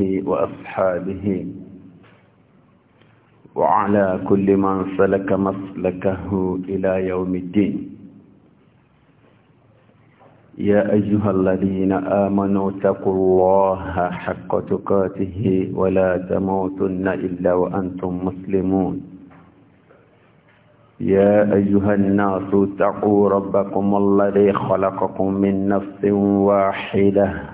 وأصحابه وعلى كل من سلك مسلكه إلى يوم الدين يا أيها الذين آمنوا اتقوا الله حق تقاته ولا تموتن إلا وأنتم مسلمون يا أيها الناس اتقوا ربكم الذي خلقكم من نفس واحدة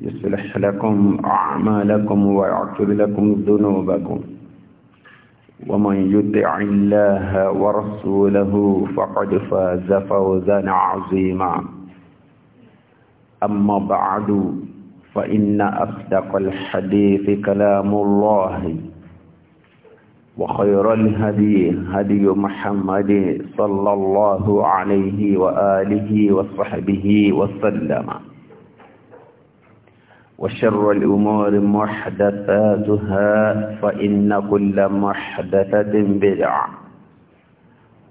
يصلح لكم أعمالكم ويغفر لكم ذنوبكم ومن يطع الله ورسوله فقد فاز فوزا عظيما أما بعد فإن أصدق الحديث كلام الله وخير الهدي هدي محمد صلى الله عليه وآله وصحبه وسلم وشر الأمور محدثاتها فإن كل محدثة بدعة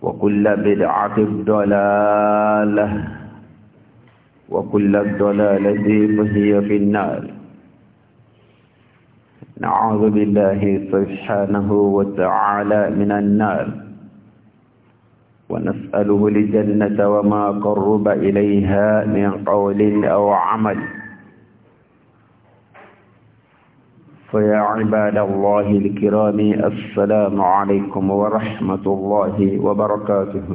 وكل بدعة ضلالة وكل الضلالة فهي في النار نعوذ بالله سبحانه وتعالى من النار ونسأله الجنة وما قرب إليها من قول أو عمل فيا عباد الله الكرام السلام عليكم ورحمة الله وبركاته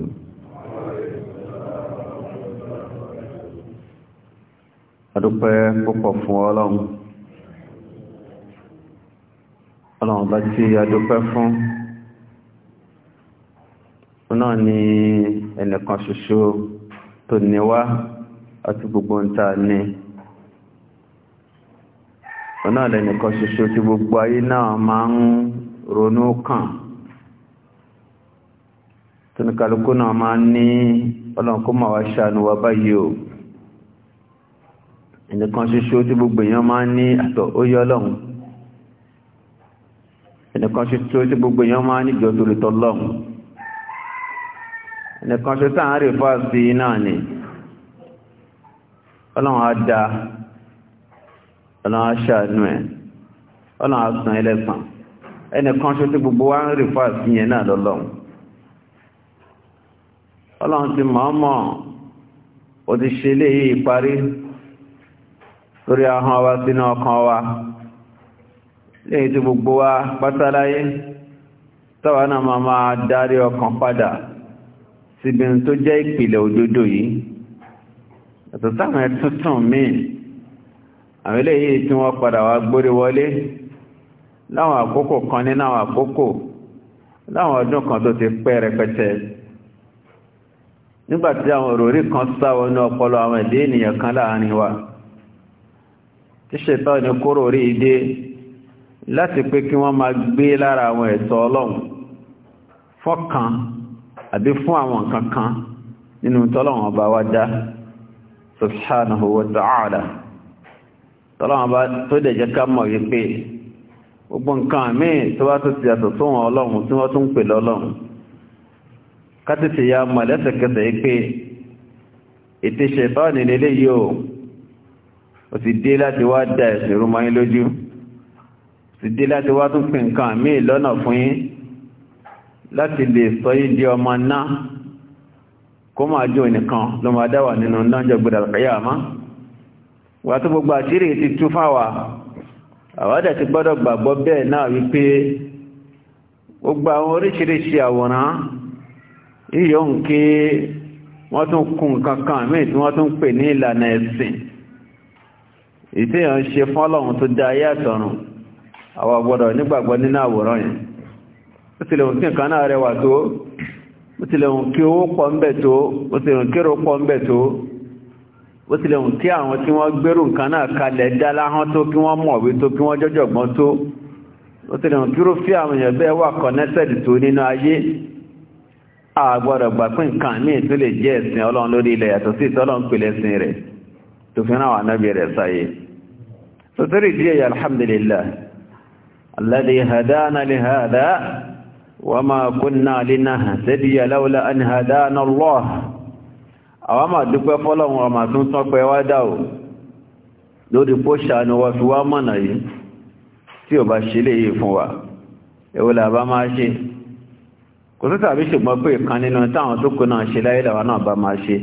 adúpẹ́ púpọ̀ fún ọlọ́run ọlọ́run bá tí adúpẹ́ fún náà ni ẹnìkan ṣoṣo tó níwá àti gbogbo ń ta ọ̀nà lẹ́nìkan ṣoṣo tí gbogbo ayé náà máa ń ronú kàn tónúkàlùkù náà máa ń ní ọlọ́nkó máa wá ṣàánú wa báyìí o ẹnìkan ṣoṣo tí gbogbo èèyàn máa ń ní àtọ̀ ó yọ ọlọ́run ẹnìkan ṣoṣo tí gbogbo èèyàn máa ń ní ìjọ torí tọlọ́run ẹnìkan ṣoṣo táà ń fáàsì náà ni ọlọ́run á dáa ọlọ́run aṣáánú ẹ̀ ọlọ́run asán ẹlẹ́sàn ẹnì kan ṣe tí gbogbo wa ń rí fáàsì yẹn náà ti mọ̀ọ́mọ̀ ó ti ṣe léyìí parí lórí ahọ́n wa sínú ọkàn wa léyìí tí gbogbo wa pátáláyé tọ́wọ́ náà máa máa darí ọkàn padà síbi tó jẹ́ ìpìlẹ̀ òdodo yìí àwọn eléyìí tí wọ́n padà wá gbórí wọlé láwọn àkókò kan ní láwọn àkókò láwọn ọdún kan tó ti pẹ́ rẹpẹtẹ nígbàtí àwọn òròrí kan sáwọ ní ọpọlọ àwọn ìdí ènìyàn kan láàrin wa tí ṣètọ́ ní kúrò rí ìdí láti pé kí wọ́n máa gbé lára àwọn ẹ̀tọ́ ọlọ́run fọ́kàn àbí fún àwọn kankan nínú tọ́lọ́run ọba wa dá subhanahu wa ta'ala. tọ́lọ́wọ́n bá tó dẹ̀jẹ́ ká mọ̀ wípé gbogbo nǹkan míì tó bá tó ti yàtọ̀ tó wọn ọlọ́run tí wọ́n tún pè lọ́lọ́run kátìtì ya mọ̀ lẹ́sẹ̀kẹsẹ̀ wípé ètè ṣẹ̀tọ́ọ̀nì lélẹ́ yìí o ò ti dé láti wá da ẹ̀sìn rú mọ́yín lójú ti dé láti wá tún pè nǹkan míì lọ́nà fún yín láti lè sọ yín di ọmọ náà kó máa jó nìkan ló máa dáwà nínú náà jọ gbọdọ̀ àkàyà máa wà tó gbogbo àṣírí ti tú fáwà àwádà ti gbọ́dọ̀ gbàgbọ́ bẹ́ẹ̀ náà wípé gbogbo àwọn oríṣiríṣi àwòrán yíyọ ń ké wọ́n tún kún kankan míì tí wọ́n tún pè ní ìlànà ẹ̀sìn ìtẹ́yàn ṣe fọ́lọ́run tó dá ayé àtọ̀run àwọn gbọ́dọ̀ nígbàgbọ́ nínú àwòrán yẹn ó ti lèun kí nǹkan náà rẹwà tó ó ti lèun kí owó pọ̀ ń bẹ̀ tó ó ti lèun kí èrò pọ̀ ń bẹ̀ tó ó tilẹ̀ hùn tí àwọn tí wọ́n gbérù nǹkan náà kalẹ̀ dá láhán tó kí wọ́n mọ̀wé tó kí wọ́n jọ́jọ̀gbọ́n tó ó tilẹ̀ hùn kí ó fi àwọn èèyàn bẹ́ẹ̀ wà connected tó nínú ayé àgbọ̀dọ̀ gbà pé nǹkan míì tó lè jẹ́ ẹ̀sìn ọlọ́run lórí ilẹ̀ yàtọ̀ sí ìtọ́lọ́run pèlè ẹ̀sìn rẹ̀ tó fi náà wà náà bẹ̀rẹ̀ sáyé sọtẹ́rì díẹ̀ yà alhamdulillah alladhi hadana li hadha wa ma kunna linahtadiya lawla an hadana Allah àwa máa dúpẹ́ fọ́lọ́run ọmọ tún tán pẹ́ wá dà ò lórí pósà ni wọ́n fi wá mọ̀nà yìí tí ò bá ṣe lè yìí fún wa èwo là bá máa ṣe kò sí tàbí ṣùgbọ́n pé ìkan nínú táwọn tó kù náà ṣe láyé làwọn náà bá máa ṣe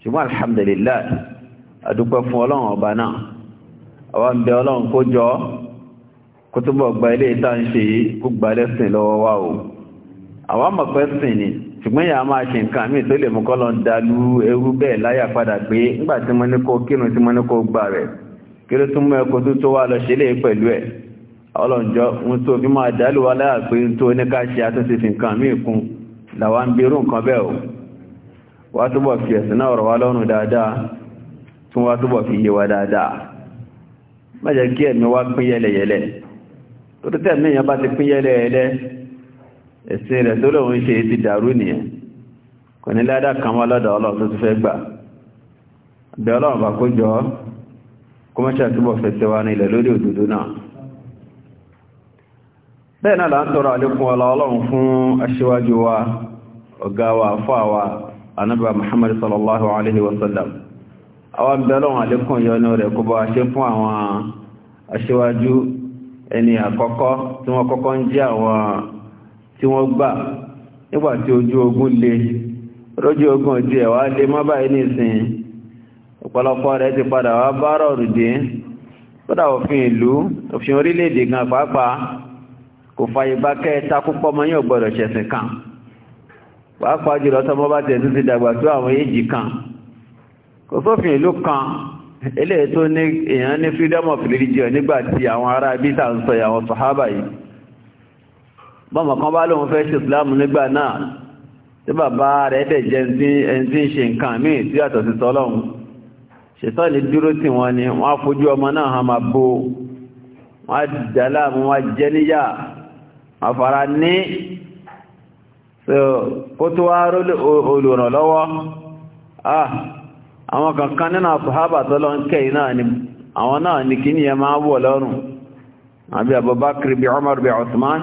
ṣùgbọ́n alhamdulilayi adúpẹ́ fún ọlọ́run ọba náà àwa ń bẹ ọlọ́run kó jọ kó túbọ̀ gba ilé ìta ń ṣe yìí kó gba lẹ́sìn lọ́wọ́ wa o àwa mọ̀ pẹ́ ni ṣùgbọ́n yà máa ṣe nǹkan àmì tó lè mú kọ́lọ̀ ń dalú ẹrú bẹ́ẹ̀ láyà padà pé ńgbà tí mo ní kó kírun tí mo ní kó gbà rẹ̀ kí ló tún mú ẹkọ tó tó wá lọ ṣe lè pẹ̀lú ẹ̀ ọlọ́njọ́ ń tó fi máa dálù wá láyà pé ń tó ní ká ṣe àtúnṣe fi o wá túbọ̀ fi ẹ̀sìn náà rọ̀ wá lọ́rùn dáadáa tún wá túbọ̀ fi yé wa dáadáa má jẹ́ kí ẹ̀mí wá pín yẹlẹyẹlẹ tó ẹ̀sìn rẹ̀ tó lóun ṣe ti dàrú nìyẹn kò ní ládà kan wá lọ́dọ̀ ọlọ́run tó ti fẹ́ gbà bẹ ọlọ́run bá kó jọ kó mọ́ ṣàtúbọ̀ fẹsẹ̀ wa ní ilẹ̀ lórí òdodo náà bẹ́ẹ̀ náà là àlékún ọlá ọlọ́run fún aṣíwájú wa ọ̀gá wa àwa sallallahu alaihi wasallam àwọn bẹ ọlọ́run àlékún rẹ̀ kó fún àwọn aṣíwájú ẹni àkọ́kọ́ tí wọ́n kọ́kọ́ ń jẹ́ àwọn tí wọ́n gbà nígbà tí ojú ogun le rójú ogun ojú ẹ̀wà lè mọ́ báyìí nìsìn ọ̀pọ̀lọpọ̀ rẹ̀ ti padà wá bá rọ̀rù dé kódà òfin ìlú òfin orílẹ̀-èdè gan pàápàá kò fàyè bá kẹta púpọ̀ mọ́ yóò gbọ́dọ̀ ṣẹ̀sìn kan pàápàá jùlọ tọmọ bá tẹ̀ tó ti dàgbà tó àwọn èjì kan kò sófin ìlú kan eléyìí tó ní èèyàn ní freedom of religion nígbà tí àwọn ará bíta ń sọ àwọn sàhábà yìí bọ́mọ̀ kan bá lóun fẹ́ ṣe ìsìlámù nígbà náà tí bàbá rẹ̀ dẹ̀ jẹ́ ẹni tí ń ṣe nǹkan míì tí yàtọ̀ sí tọ́lọ́hun ṣètọ́ ní dúró tì wọ́n ni wọ́n á fojú ọmọ náà hàn máa bo wọ́n á dà láàmú wọ́n á jẹ́ níyà wọ́n fara ní kó tó wá olùrànlọ́wọ́ àwọn kankan nínú àpòhábà tọ́lọ́ kẹ́yìn náà ni àwọn náà ni kí ni ẹ máa wọ̀ lọ́rùn àbí Abubakar bí Umar bí Usman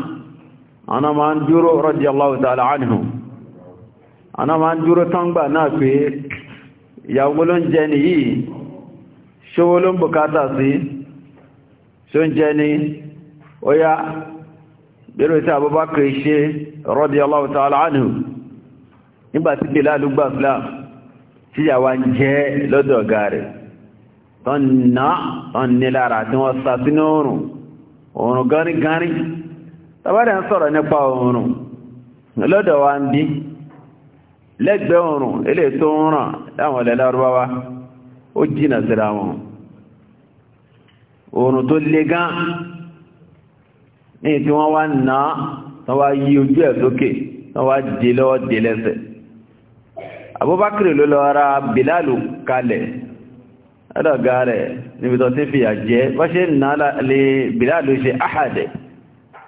ana ma ń dúró radiyallahu ta'ala anhum ana ma ń dúró tángbà náà pé ìyàwó ló ń jẹ ni yìí ṣówó ló ń bùkátà sí ṣó ń jẹ ni ó yá bẹ̀rẹ̀ tí Abubakar ṣe radiyallahu ta'ala anhu nígbàtí tí yàwó ń jẹ lọ́dọ̀ tàbádà ń sọ̀rọ̀ nípa oòrùn lọ́dọ̀ wa ń bí lẹ́gbẹ̀ẹ́ oòrùn ilé tó ń ràn láwọn ilẹ̀ lárúbáwá ó jìnà síra wọn oòrùn tó le gán ní tí wọ́n wá nà á wá yí ojú ẹ̀ sókè wọ́n wá dé lọ́wọ́ dé lẹ́sẹ̀ Abubakar ló lọ ra Bilalu kalẹ̀ ẹ̀dọ̀gá rẹ̀ níbi tó ti fìyà jẹ́ bá ṣe nà á lè Bilalu ṣe áhàdẹ̀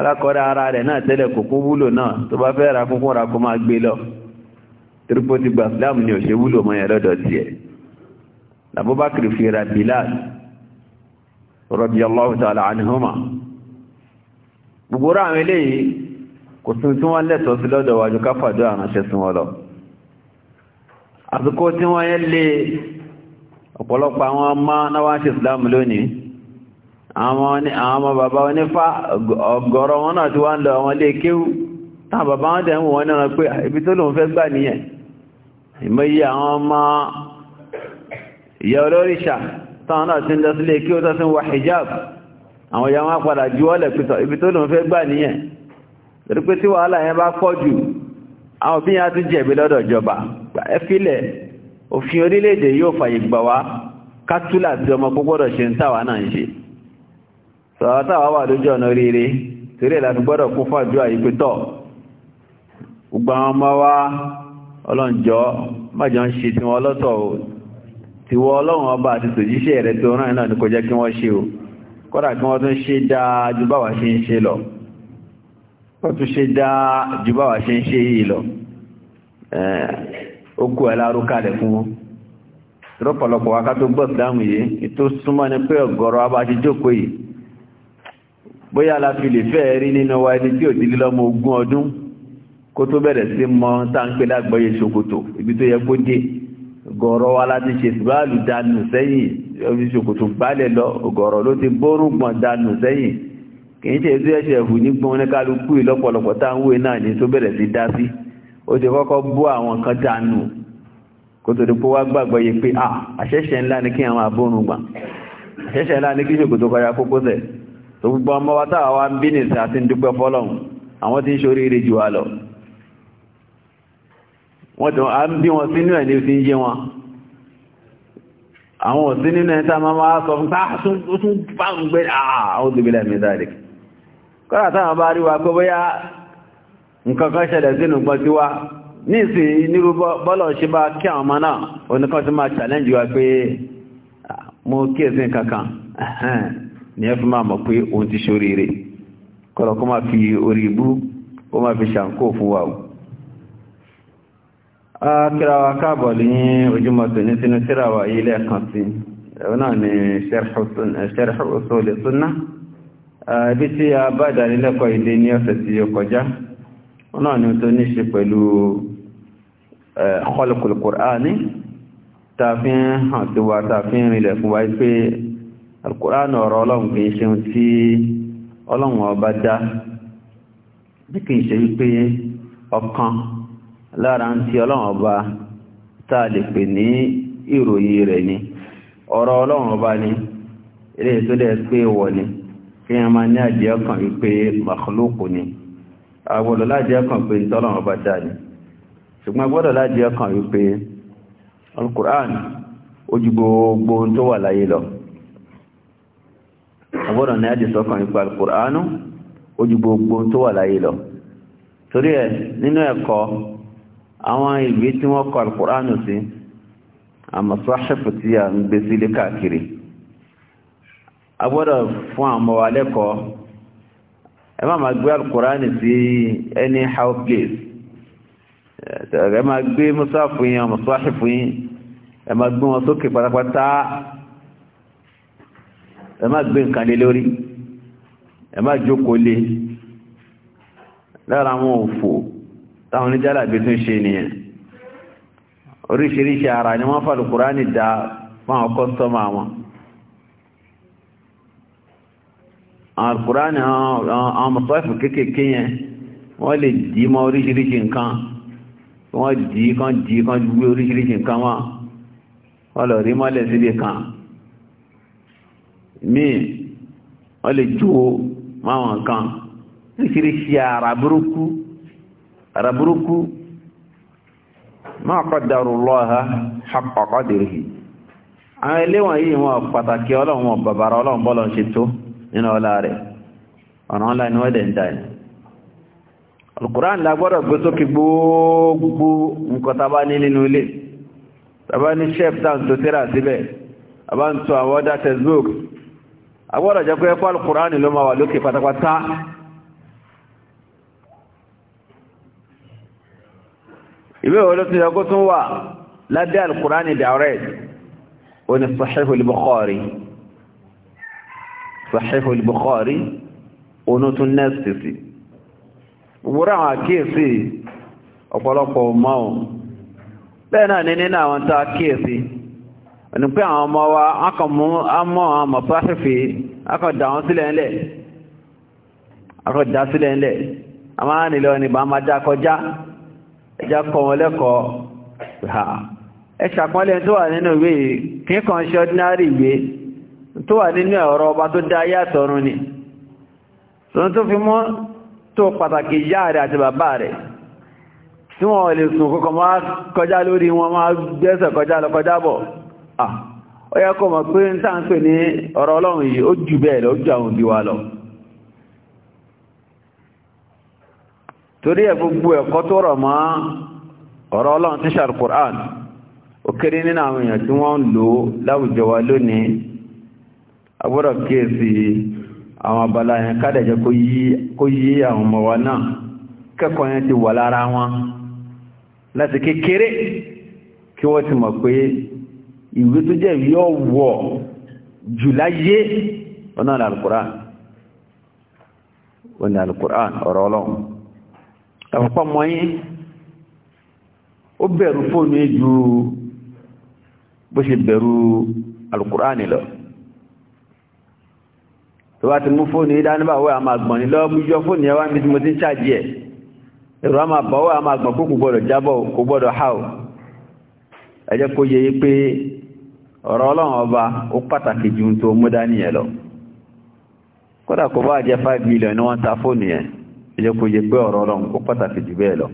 alákọ̀ọ́dá ara rẹ̀ náà tẹ́lẹ̀ kòkó wúlò náà tó bá fẹ́ ra kúnkún ra kó máa gbé lọ torípò ti gbà fúláàmù ni ò ṣe wúlò mọ́ yẹn lọ́dọ̀ tiẹ̀ làbúbákìrì fi Bilal radiyallahu ta'ala anhuma gbogbo ra àwọn eléyìí kò tún tí wọ́n lẹ́tọ̀ọ́ sí lọ́dọ̀ wájú káfàdó àránṣẹ́ sí wọn lọ àsìkò tí wọ́n yẹn lé ọ̀pọ̀lọpọ̀ àwọn ọmọ náwáṣẹ́ Islam lónìí àwọn ọmọ bàbá onífá ọgọ́rọ̀ wọn náà ti wá ń lọ àwọn ilé kéwú táà bàbá wọn tẹ̀ ń wọ́n náà pé ah, ibi tó lòun fẹ́ gbà nìyẹn ìmọ̀yí àwọn ọmọ ìyá olóríṣà táwọn náà ti ń lọ sílé kéwú tó ti ń wà hijab àwọn ìyá wọn padà ju ọ́lẹ̀ pìtọ̀ ibi tó lòun fẹ́ gbà nìyẹn torí pé tí wàhálà yẹn bá pọ̀ jù àwọn òbí yẹn á tún jẹ̀bi lọ́dọ̀ ìjọba sọ̀rọ̀tà wà wà lójú ọ̀nà rere torí ẹ̀ láti gbọ́dọ̀ kún fàájú àyíkú tọ̀ gbogbo àwọn ọmọ wa ọlọ́njọ́ májọ ń ṣe tí wọ́n lọ́tọ̀ o ti wọ́ ọlọ́run ọba àti tòjíṣẹ́ rẹ̀ tó rán náà ní kò jẹ́ kí wọ́n ṣe o kọ́dà kí wọ́n tún ṣe dáa ju báwa ṣe ń ṣe lọ wọ́n tún ṣe dáa ju báwa ṣe ń ṣe yìí lọ ó kú ẹ̀ lárúkalẹ̀ fún wọn rọ́pọ̀lọpọ̀ wákàtó gbọ́ ìsìlámù yìí ètò súnmọ́ ni pé ọ̀gọ̀rọ̀ abájíjókòó yìí bóyá la fi lè fẹ́ rí nínú wa ẹni tí ò ti lílọ́mọ ogún ọdún kó tó bẹ̀rẹ̀ sí mọ táǹpé lágbọ́yé ṣòkòtò ibi tó yẹ kó dé gọ̀ọ̀rọ̀ wa láti ṣe ìbáàlù dànù sẹ́yìn omi ṣòkòtò gbálẹ̀ lọ gọ̀ọ̀rọ̀ ló ti bórúgbọ̀n dànù sẹ́yìn kì í ṣe tó ẹ̀ṣẹ̀ ẹ̀hù nígbọ̀n ní kálukú ìlọ́pọ̀lọpọ̀ táwọn náà ní tó bẹ̀rẹ̀ sí dá sí ó ti kọ́kọ́ bó àwọn kan dànù kó tó di pé wá gbàgbọ́ yẹ pé àṣẹ̀ṣẹ̀ ńlá ni kí àwọn abórùngbọ̀n àṣẹ̀ṣẹ̀ ńlá ni kí ṣòkòtò kọjá kókó sẹ̀ gbogbo ọmọ wa táà wá ń bí nìsí àti ń dúpẹ́ fọ́lọ́hun àwọn tí ń ṣoríire jù wá lọ wọ́n tó a ń bí wọn sínú ẹ̀ ní fi ń yé wọn àwọn òsí nínú ẹ̀ta máa máa sọ fún ah, tún bá ń gbé ààrùdùbílẹ̀ mìírànlẹ̀ kọ́lá táwọn bá rí wa pé bóyá nǹkan kan ṣẹlẹ̀ sínú gbọ́n tí wá ní ìsìn nírú bọ́lọ̀ ṣe bá kí àwọn ọmọ náà oníkan ti máa challenge wa pé ah, mo kíyèsí kankan Ni ẹ fi máa mọ̀ pé òun ti ṣoríire kọ́lọ̀ kó máa fi orí ibú ó máa fi ṣàǹkó fún wa o kíra wa káàbọ̀ ní ojúmọ́ tòní sínú síra wa yìí lẹ́ẹ̀kan sí ẹ̀wọ́n náà ni sharh usul sunnah ibi tí a bá ìdánilẹ́kọ̀ọ́ ilé ní ọ̀sẹ̀ tí ó kọjá wọn náà ni tó ní ṣe pẹ̀lú khalqul Qur'ani tààfin hàn sí wa tààfin rìnlẹ̀ fún wa pé alkùránù ọ̀rọ̀ ọlọ́run kìí ṣe ohun tí ọlọ́run ọba dá bí kìí ṣe wípé ọ̀kan lára ń tí ọlọ́run ọba tá a lè pè ní ìròyìn rẹ̀ ni ọ̀rọ̀ ọlọ́run ọba ni ilé tó dẹ̀ pé wọ̀ ni kí wọ́n máa ní àjẹ́ ọkàn wípé màkúlùkù ni àgbọ̀dọ̀ lájẹ́ ọkàn pé tọ́lọ́run ọba ṣùgbọ́n gbọ́dọ̀ lájẹ́ ọkàn wípé alkùránù ojú gbogbo tó wà láyé lọ ọgbọ́dọ̀ ní àjẹ́ sọ́kàn ipa alkùránù ojú gbogbo tó wà láyé lọ torí ẹ̀ nínú ẹ̀kọ́ àwọn ìwé tí wọ́n kọ alkùránù sí àmọ̀sọ́ṣẹ́fù tí a ń gbé sílé káàkiri agbọ́dọ̀ fún àmọ́ wa lẹ́kọ̀ọ́ ẹ má máa gbé alkùránù sí any how place ẹ má gbé mọ́sáfù yín àmọ̀sọ́ṣẹ́fù yín ẹ má gbé wọn sókè pátápátá ẹ má gbé nǹkan lé lórí ẹ má jókòó lé lára àwọn òfò táwọn oníjàlábí tún ṣe nìyẹn oríṣiríṣi ara ni wọ́n fàlù kúránì dá fáwọn kọ́sọ́mà wọn àwọn kúránì àwọn mọ̀sọ́fù kéékèèké yẹn wọ́n lè dì mọ́ oríṣiríṣi nǹkan wọ́n dì kan dì kan gbé oríṣiríṣi nǹkan wọn wọ́n lọ rí mọ́lẹ̀ síbi kan míì wọ́n lè jùwó máwọn kan ríṣiríṣi ara burúkú ara burúkú máa kọ́dàrú lọ́ha àpàkọ́dìrì àwọn eléwọ̀n yìí wọ́n pàtàkì ọlọ́run bàbára ọlọ́run bọ́lọ̀ ṣe tó nínú ọlá rẹ̀ ọ̀nà ńlá ni wọ́n dẹ̀ ń dà ní al gbọ́dọ̀ gbé sókè gbogbo nǹkan tàbá ní nínú ilé tàbá ní chef down tó tẹ́rà síbẹ̀ tàbá ń tún àwọn ọdá textbook agbọ́dọ̀ jẹ́ pé ẹ̀kọ́ alùkùránì ló máa wà lókè pátápátá ìwé ìwọ̀n tó yẹ kó tún wà lábẹ́ alùkùránì direct ó ní Sahihu al-Bukhari Sahihu al-Bukhari onótún nẹ́ẹ̀sì sí wúrà àwọn àkíyèsí ọ̀pọ̀lọpọ̀ mọ́ bẹ́ẹ̀ náà ní nínú àwọn tá àkíyèsí ni pé àwọn ọmọ wa akọ̀mú àmọ́ àwọn mọ̀sáfífì akọ̀dá wọn sílẹ̀ ńlẹ̀ akọ̀dá sílẹ̀ ńlẹ̀ a máa nílọ n'Igba bá máa dákọjá ẹjá kọ wọn lẹ́kọ̀ọ́ ha ẹ ṣàpọ́nlẹ̀ tó wà nínú ìwé kíkan ṣe ordinary ìwé tó wà nínú ọba tó dá ayé ni tó tó fi mọ́ tó pàtàkì ìyá rẹ̀ àti bàbá rẹ̀ tí wọ́n lè sùn kọkọ̀ máa kọjá lórí wọn Ah, ó yẹ kó mọ̀ pé ń ní ọ̀rọ̀ ọlọ́run yìí ó jù bẹ́ẹ̀ lọ jù àwọn òbí lọ torí ẹ̀ gbogbo ẹ̀kọ́ tó rọ̀ mọ́ ọ̀rọ̀ ọlọ́run tí ṣàrùkùrán ó kéré nínú àwọn èèyàn tí wọ́n ń lò láwùjọ wa lónìí agbọ́dọ̀ kíyèsí àwọn abala yẹn kádẹ̀jẹ́ kó yí àwọn ọmọ wa náà kẹ́kọ̀ọ́ yẹn ti wà lára wọn ìwé tó jẹ́ ìwé ọ̀wọ̀ jùláyé ọ̀nà alkùrán ọ̀nà alkùrán ọ̀rọ̀ ọlọ́run tàbùpọ̀ mọ́yí ó bẹ̀rù fóònù ju bó ṣe bẹ̀rù alkùrán lọ tó bá ti mú fóònù ìdánibàwọ́ àmà gbọ̀n nílọ́ mú fóònù ẹwà mi mo ti ń ṣàjẹ́ ẹ̀rọ a máa bọ̀wọ́ a máa gbọ̀n kó kò gbọ́dọ̀ jábọ̀ kò gbọ́dọ̀ háò ẹjẹ́ kó yẹ pé ọ̀rọ̀ ọlọ́run ọba ó pàtàkì ju tó mú ní ẹ̀ lọ kódà kó bá jẹ́ five million wọ́n ta fóònù ẹ̀ ìjẹ́ pé ọ̀rọ̀ ọlọ́run ó pàtàkì jù bẹ́ẹ̀ lọ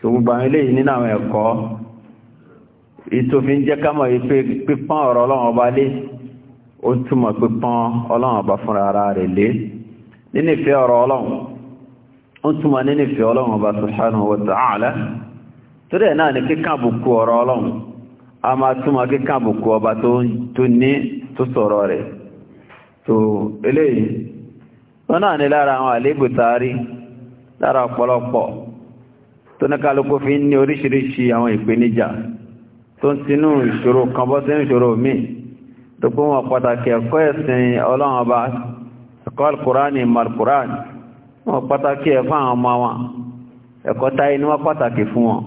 gbogbo àwọn eléyìí nínú àwọn ẹ̀kọ́ ìtòfin jẹ́ ká mọ̀ pé pípọ́n ọ̀rọ̀ ọlọ́run ọba lé ó túmọ̀ pípọ́n ọlọ́run ọba fúnra ara rẹ̀ lé ọ̀rọ̀ ọlọ́run ó a máa túnmọ̀ kí kàbùkù ọba tó ní tó sọ̀rọ̀ rẹ̀ tó eléyìí wọ́n náà ní lára àwọn àlébù tààrí lára ọ̀pọ̀lọpọ̀ tó ní kálukú fi ń ní oríṣiríṣi àwọn ìpèníjà tó ń tinú ìṣòro kan bọ́ sí ìṣòro míì tó pé wọn pàtàkì ẹ̀kọ́ ẹ̀sìn ọlọ́run ọba ẹ̀kọ́ alkùránì malkùránì wọn pàtàkì ẹ̀kọ́ àwọn ọmọ wọn ẹ̀kọ́ táyé ni wọ́n pàtàkì fún wọn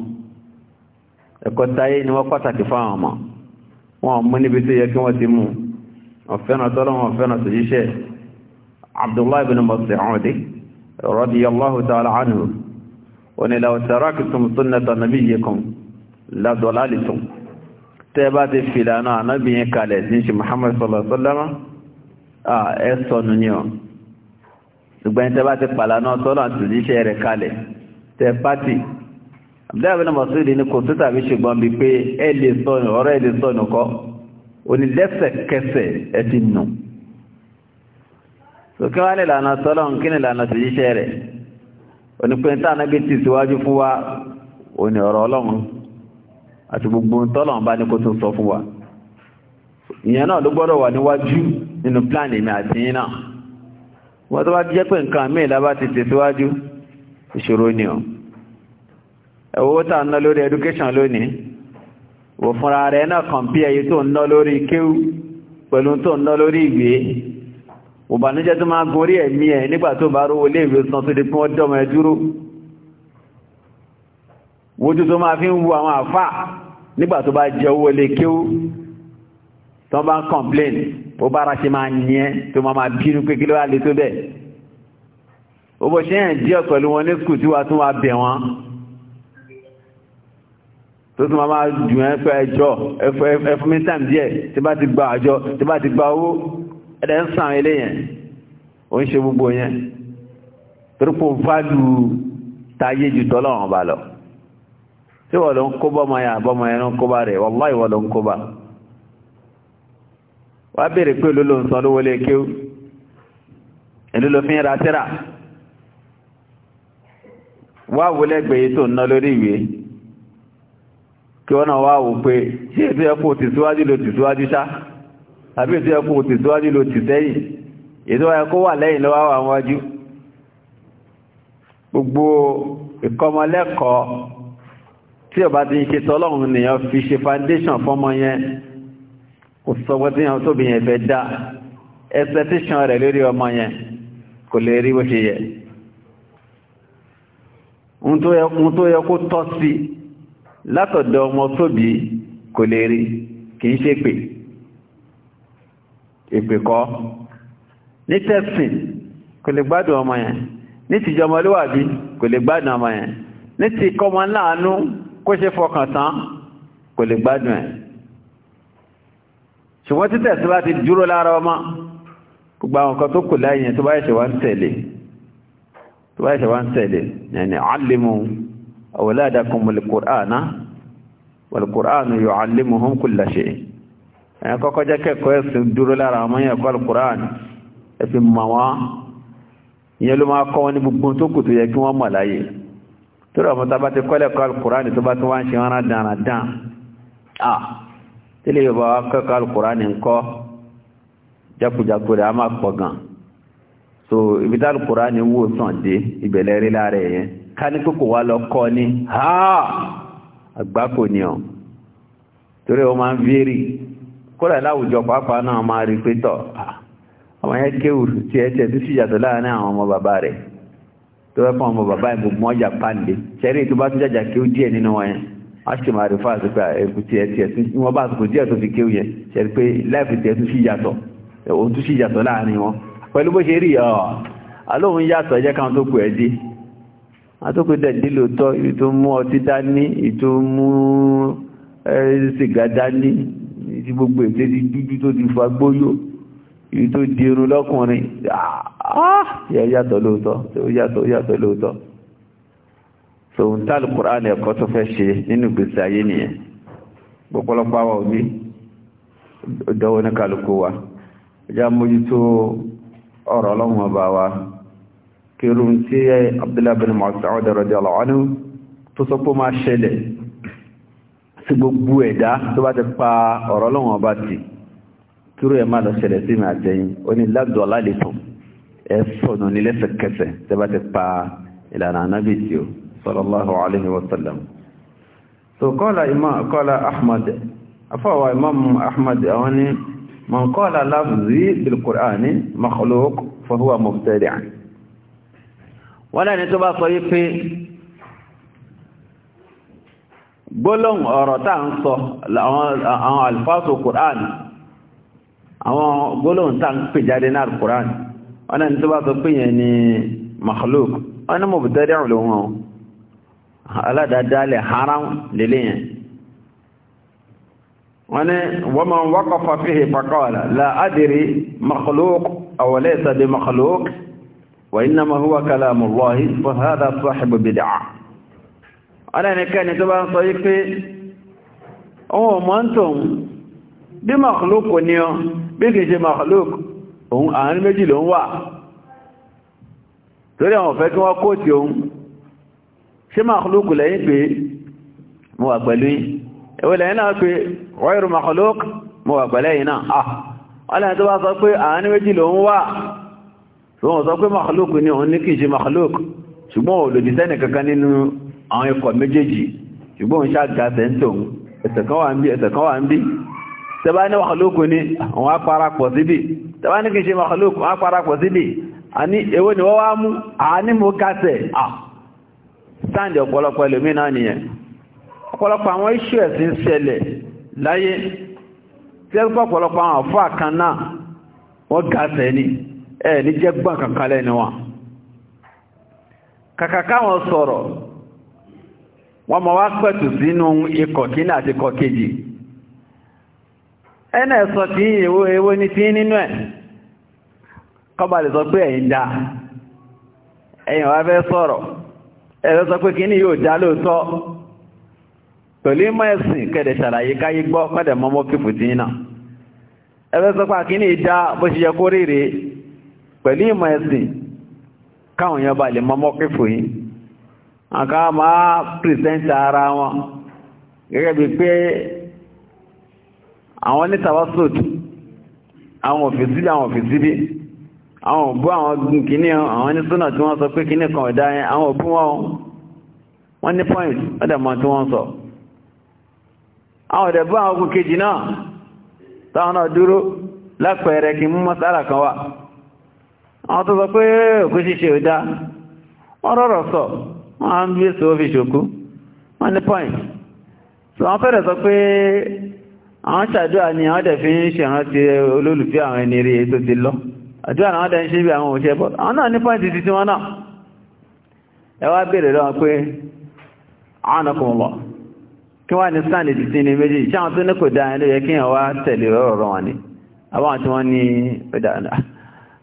ẹ̀kọ́ táyé ni wọ́n pàtàkì fáwọn ọmọ wọn mú níbi tó yẹ kí wọ́n ti mú ọ̀fẹ́nà tọ́lọ́wọ́n ọ̀fẹ́nà tó yíṣẹ́ abdullahi bin Mas'ud radiyallahu ta'ala anhu wa ni law taraktum sunnata nabiyyikum la dalaltum tẹ́ bá ti fìlànà anábìyàn kalẹ̀ sí ṣe muhammad sallallahu alaihi wasallam ẹ sọnù ni ọ ṣùgbọ́n bá ti pàlànà tọ́lọ́ àti òjíṣẹ́ rẹ̀ kalẹ̀ tẹ́ pátì abdullahi masudi ni kò sí tàbí ṣùgbọ́n bíi pé ẹ lè sọnù ọ̀rọ̀ ẹ lè sọnù kọ́ òní lẹ́sẹ̀kẹsẹ̀ ẹ ti nù sókè wá ní ìlànà sọ́lọ́n kí ni ìlànà sì yíṣẹ́ rẹ̀ onípẹ́ntà anábì ti síwájú fún wa òní ọ̀rọ̀ ọlọ́run àti gbogbo tọ́lọ̀n bá ní kó tún sọ fún wa ìyẹn náà ló gbọ́dọ̀ wà níwájú nínú plan èmi àti yín náà wọ́n tó bá jẹ́ pé nǹkan míì lábá ti tẹ̀síwájú ìṣòro ni ọ̀ owó tà ń ná lórí education lónìí wò fúnra rẹ̀ náà kàn bí ẹyí tó ń ná lórí kéwú pẹ̀lú tó ń ná lórí ìwé òbànújẹ́ tó máa gorí ẹ̀mí ẹ̀ nígbà tó bá rówó léèwé san tó di pín dọ́mọ ẹ dúró wojú tó máa fi ń wu àwọn àfà nígbà tó bá jẹ owó lè kéwú tó bá ń complain ó bára ṣe máa yẹn tó máa máa bínú pé kí ló wá lè tó bẹ́ẹ̀ ó ṣe ń díẹ̀ pẹ̀lú wọn ní skul tí wàá tún bẹ̀ wọ́n tó tún máa dùn ẹ̀fẹ́ ẹjọ́ ẹfúnmítàn díẹ̀ tí bá ti gba àjọ tí bá ti gba owó ẹ̀rẹ́ ń sàn ilé yẹn ó ń ṣe gbogbo yẹn torípò fálù táyé ju tọ́lọ́run bá lọ tí wọ́n lọ ń kó bọ́mọ yà bọ́mọ yẹn ń kó bá rẹ̀ wọ́n láì wọ́n lọ ń kó bá wá bèèrè pé ló ló ń san lówó lé kéwú èló ló fi ń ra tírà wá wọlé gbèyí tó ń ná lórí ìwé kí wọ́n náà wá wò pé ṣé ètò ẹkùn ti síwájú ló ti síwájú ṣá àbí ètò ẹkùn ti síwájú ló ti sẹ́yìn ètò ẹkùn wà lẹ́yìn lọ́wọ́ àwọn wájú gbogbo ìkọmọlẹ́kọ̀ọ́ tí ó ti ń ṣe tọ́lọ́run nìyàn fi ṣe foundation fọ́mọ yẹn kò sọ pé tí yàn tóbi yẹn fẹ́ dá expectation rẹ̀ lórí ọmọ yẹn kò lè rí bó ṣe yẹ ohun tó yẹ kó tọ́ sí i látọ̀dọ̀ ọmọ tóbi kò lè rí kì í ṣe pè èpè kọ́ ní tẹ́sìn kò lè gbádùn ọmọ yẹn ní tìjọ ọmọlúwàbí kò lè gbádùn ọmọ yẹn ní ti kọmọ láàánú kó ṣe fọkàn tán kò lè gbádùn ẹ̀ ṣùgbọ́n títẹ̀ tí bá ti dúró lára ọmọ gbogbo àwọn kan tó kù láyé tó bá ṣe ń tẹ̀lé tó bá ṣe ń tẹ̀lé yẹn ni alimu أولادكم القرآن والقرآن يعلمهم كل شيء ẹ̀yàn kọ́kọ́ jẹ́ kẹ́kọ̀ọ́ ẹ̀sìn dúró lára àwọn èèyàn kọ́ alkùránì ẹ̀fin ma wọ́n ìyẹn ló máa kọ́ wọn ní gbogbo tó kù tó yẹ kí wọ́n mọ̀ láyé tó rọ̀ mọ́ta bá ti kọ́lẹ̀ kọ́ alkùránì tó bá ti wá ń ṣe wọ́n dára dán à tílé yorùbá wa kẹ́kọ̀ọ́ alkùránì ń kọ́ jákujàku rẹ̀ á máa pọ̀ gan so ibi tá alkùránì wò sàn dé ìbẹ̀lẹ̀ rí lára ẹ̀yẹn ká ní kókò wá lọ kọ́ ni ha àgbákò ni ọ̀ torí ọ máa ń vérì kódà láwùjọ pàápàá náà máa rí pé tọ̀ ọmọ yẹn kéwù tí ẹ tẹ̀ tó sì yàtọ̀ láàárín àwọn ọmọ bàbá rẹ̀ tó fẹ́ fún ọmọ bàbá ìgbòmọ̀ ọjà pàǹdé sẹ́rí tó bá tún jàjà kéwù díẹ̀ nínú wọn yẹn a ṣe máa rí fáàsì pé ẹ̀kú tiẹ̀ tiẹ̀ tí wọ́n bá àsìkò díẹ̀ tó fi kéwù yẹn ṣẹ̀rí pé láìpẹ́ tiẹ̀ tún sì yàtọ̀ òun tún sì yàtọ̀ láàárín wọn pẹ̀lú bó ṣe rí ọ̀ alóhun yàtọ̀ ẹ̀jẹ̀ kan tó kù ẹ̀ dé àtòkù dẹ̀dílò tọ́ ibi tó mú ọtí dání ibi tó mú sìgá dání ibi gbogbo ètè ti dúdú tó ti fa gbóyò ibi tó di irun lọ́kùnrin yẹ yàtọ̀ lóòótọ́ tó yàtọ̀ yàtọ̀ lóòótọ́ tòun tàbí kùránì ẹ̀kọ́ tó fẹ́ ṣe nínú gbèsè ayé nìyẹn gbọ́pọ̀lọpọ̀ àwọn òbí ìdánwò ní mójútó ọ̀rọ̀ ọlọ́run ọba wa kírun tí Abdullah bin Mas'ud radiyallahu anhu tó sọ pé máa ṣẹlẹ̀ sí gbogbo ẹ̀dá tó bá ti pa ọ̀rọ̀ lọ́wọ́n bá ti kírun ẹ̀ máa lọ ṣẹlẹ̀ sí mi àtẹ̀yìn ó ní lágbọ̀ alálẹ́tàn ẹ sọ̀nù ní lẹ́sẹ̀kẹsẹ̀ tó bá ti pa ìlànà anábì tí ó sallallahu alayhi wa sallam so qala imam qala ahmad afọwà imam ahmad àwọn man qala lafzi bil qur'ani makhluq fa huwa mubtadi' wọ́n lẹ́ni tó bá sọ yí pé gbólóhùn ọ̀rọ̀ tá ń sọ àwọn alfáàsù Qur'an àwọn gbólóhùn tá ń pè jáde náà Qur'an wọ́n lẹ́ni tó bá sọ pé yẹn ni makhluk wọ́n ni mo bù tẹ́rẹ̀ olóhun aládàádálẹ̀ haram lélẹ̀ yẹn wọ́n ni wọ́n ma waqafa fihi faqala la adri makhluk aw laysa makhluk وإنما هو كلام الله فهذا صاحب بدعة أنا نكاني طبعا صيفي أو مانتم بمخلوق ونيو بكيش مخلوق òun àárín méjì ló ń wà torí àwọn ọ̀fẹ́ kí wọ́n kó tí òun ṣe makhlúkù lẹ́yìn pé mo wà pẹ̀lú yìí ẹwẹ́ lẹ́yìn náà pé ghayru makhlúkù mo wà pẹ̀lẹ́yìn náà ah ọlẹ́yìn tó bá sọ pé àárín méjì ló ń wà wọ́n sọ pé makhluk ni òun ní kìí ṣe makhluk ṣùgbọ́n ò lòdì sẹ́nì kankan nínú àwọn ikọ̀ méjèèjì ṣùgbọ́n òun ṣáàgá sẹ́ńtòun ẹsẹ̀ kan wà ń bí ẹsẹ̀ kan wà ń bí tẹ́bá ní makhluk ni àwọn aparapọ̀ síbì tẹ́bá ní kìí ṣe makhluk àwọn aparapọ̀ síbì àní èwo ni wọ́n wá mú àání mú kásẹ̀ ni ẹ̀ ní jẹ́ gbọ́n kankan lẹ́nu wọn kàkàká wọn sọ̀rọ̀ wọ́n mọ̀ wá pẹ̀tù sínú ikọ̀ kíní àti ikọ̀ kejì ẹnà ẹ̀sọ̀ tí ewó ní tí nínú ẹ̀ kọba lè sọ pé ẹ̀yin dá ẹ̀yin wá fẹ́ sọ pé kíní yóò dá lóòótọ́ pẹ̀lú ìmọ̀ ẹ̀sìn kẹ̀dẹ̀ ṣàlàyé káyé gbọ́ pẹ̀dẹ̀ mọ́mọ́ kìfù náà sọ pé bó ṣe yẹ kó pẹ̀lú ìmọ̀ ẹ̀sìn káwọn èèyàn bá lè mọ́mọ́ kífò yìí àká máa pìrìsẹ́ntì ara wọn gẹ́gẹ́ bí pé àwọn ní tawasud àwọn òfìsí àwọn òfìsí bí àwọn òbú àwọn kìíní àwọn ní tí wọ́n sọ pé kìíní kan ọ̀dá yẹn àwọn òbú wọn wọ́n ní point ọ̀dẹ̀mọ̀ tí wọ́n sọ àwọn ọ̀dẹ̀bú àwọn ogun kejì náà táwọn náà dúró lápẹẹrẹ kí mú mọ́sára kan wà àwọn tó sọ pe òkú ṣíṣe ò dá wọ́n sọ wọ́n á ń bí èso fi ṣòkú wọ́n so sọ pe àwọn ṣàdúrà ni àwọn dẹ̀ fi ń ṣèrántí olólùfẹ́ àwọn ẹni rí tó ti lọ àdúrà àwọn dẹ̀ ń ṣe bí àwọn òṣẹ́ àwọn náà ní point ti tí wọ́n náà ẹ wá béèrè lọ́wọ́ pé àwọn ọkùnrin lọ kí wọ́n ní sáàlì títí ní méjì ṣáwọn tó ní kò dáa ló yẹ kí wá wọn ni àwọn àti ní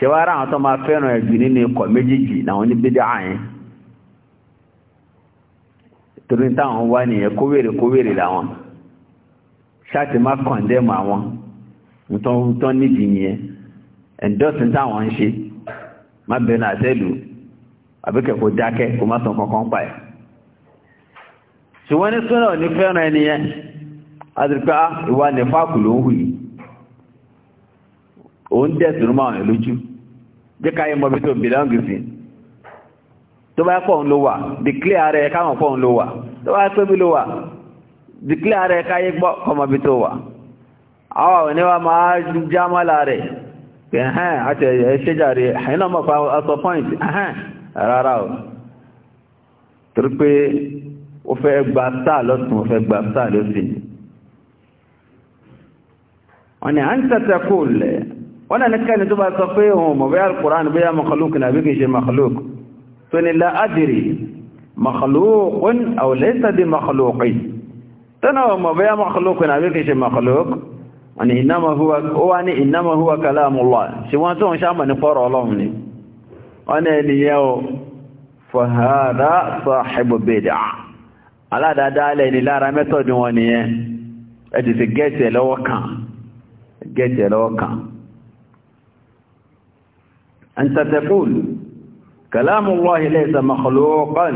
ṣẹwàá àwọn tó máa fẹ́ràn ẹ̀jù nínú ikọ̀ méjèèjì làwọn oníbídà àyẹn torí táwọn wá nìyẹn kówèrè kówèrè làwọn ṣáàtì má kọ̀ǹdẹ́mù àwọn tó nídìí nìyẹn ẹ̀ńdọ́sìn táwọn ń ṣe má bẹnu àtẹ́lù àbíkẹ́ kò dákẹ́ kò má sọ kankan pa ẹ̀ ṣùgbọ́n ní súnà ò ní fẹ́ràn ẹni yẹn a ti pé ah, ìwà nìfàkù ló ń hù yìí òun dẹ̀sùn máa rìn lójú jẹ́ káyé mọ́bí tó bìlọ́ǹgì sí tó bá pọ̀ ń ló wà dìklẹ́ ààrẹ káwọn pọ̀ ń ló wà tó bá pẹ́ bí ló wà dìklẹ́ ààrẹ káyé gbọ́ ọmọbí tó wà àwọn òní wa máa já mọ́lá rẹ̀ pé hàn àti o wọ́n náà nìkan ni tó bá sọ pé ohun mọ̀bẹ́ alkùránì bóyá makhaluk ní àbí kìí ṣe makhaluk tó ní láàdìrí makhalukun aw laysa bí makhaluki tó náà mọ̀bẹ́ makhaluk ní àbí kìí ṣe makhaluk wọ́n ni innama huwa kalamullah ṣe wọ́n tó ń ṣáàmà ní fọ́rọ̀ ọlọ́run ni wọ́n náà ni yẹ́ o fahada sahibu bid'a aládàádáálẹ̀ أنت تقول كلام الله ليس مخلوقا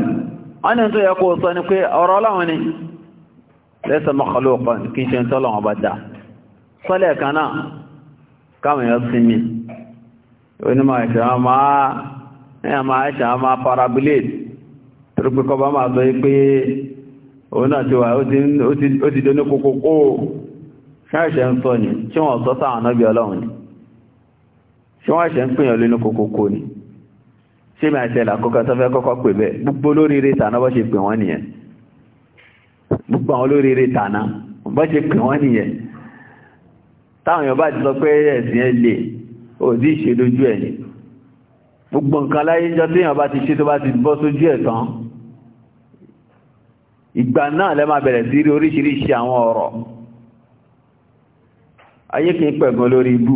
أنا أنت يقول صنفك أرالوني ليس مخلوقا كنت أنت الله عبدا صليك أنا كما يصمي وإنما يشعما ما يشعما فرابليت torípé kọba máa sọ pé òun náà ti wà ó ti dóní kókókó ṣáìṣẹ́ ń sọ ní tí wọ́n sọ sáwọn náà bí ọlọ́run ni ṣe wọ́n ṣe ń pèyàn lónú kòkòkò ni ṣe mi àṣẹ làkọ́kọ́ tó fẹ́ kọ́kọ́ pè bẹ́ẹ̀ gbogbo olóríire tàná bọ́ ṣe pè wọ́n nìyẹn gbogbo àwọn olóríire tàná bọ́ ṣe pè wọ́n nìyẹn táwọn èèyàn bá ti sọ pé ẹ̀sìn ẹ̀ lè òdí ìṣèlójú ẹ̀ gbogbo nǹkan láyé jọ tí èèyàn bá ti ṣe tó bá ti bọ́ sójú ẹ̀ tán ìgbà náà lẹ́ máa bẹ̀rẹ̀ sí rí oríṣiríṣi àwọn ọ̀rọ̀ ayé kìí pẹ̀gùn lórí ibú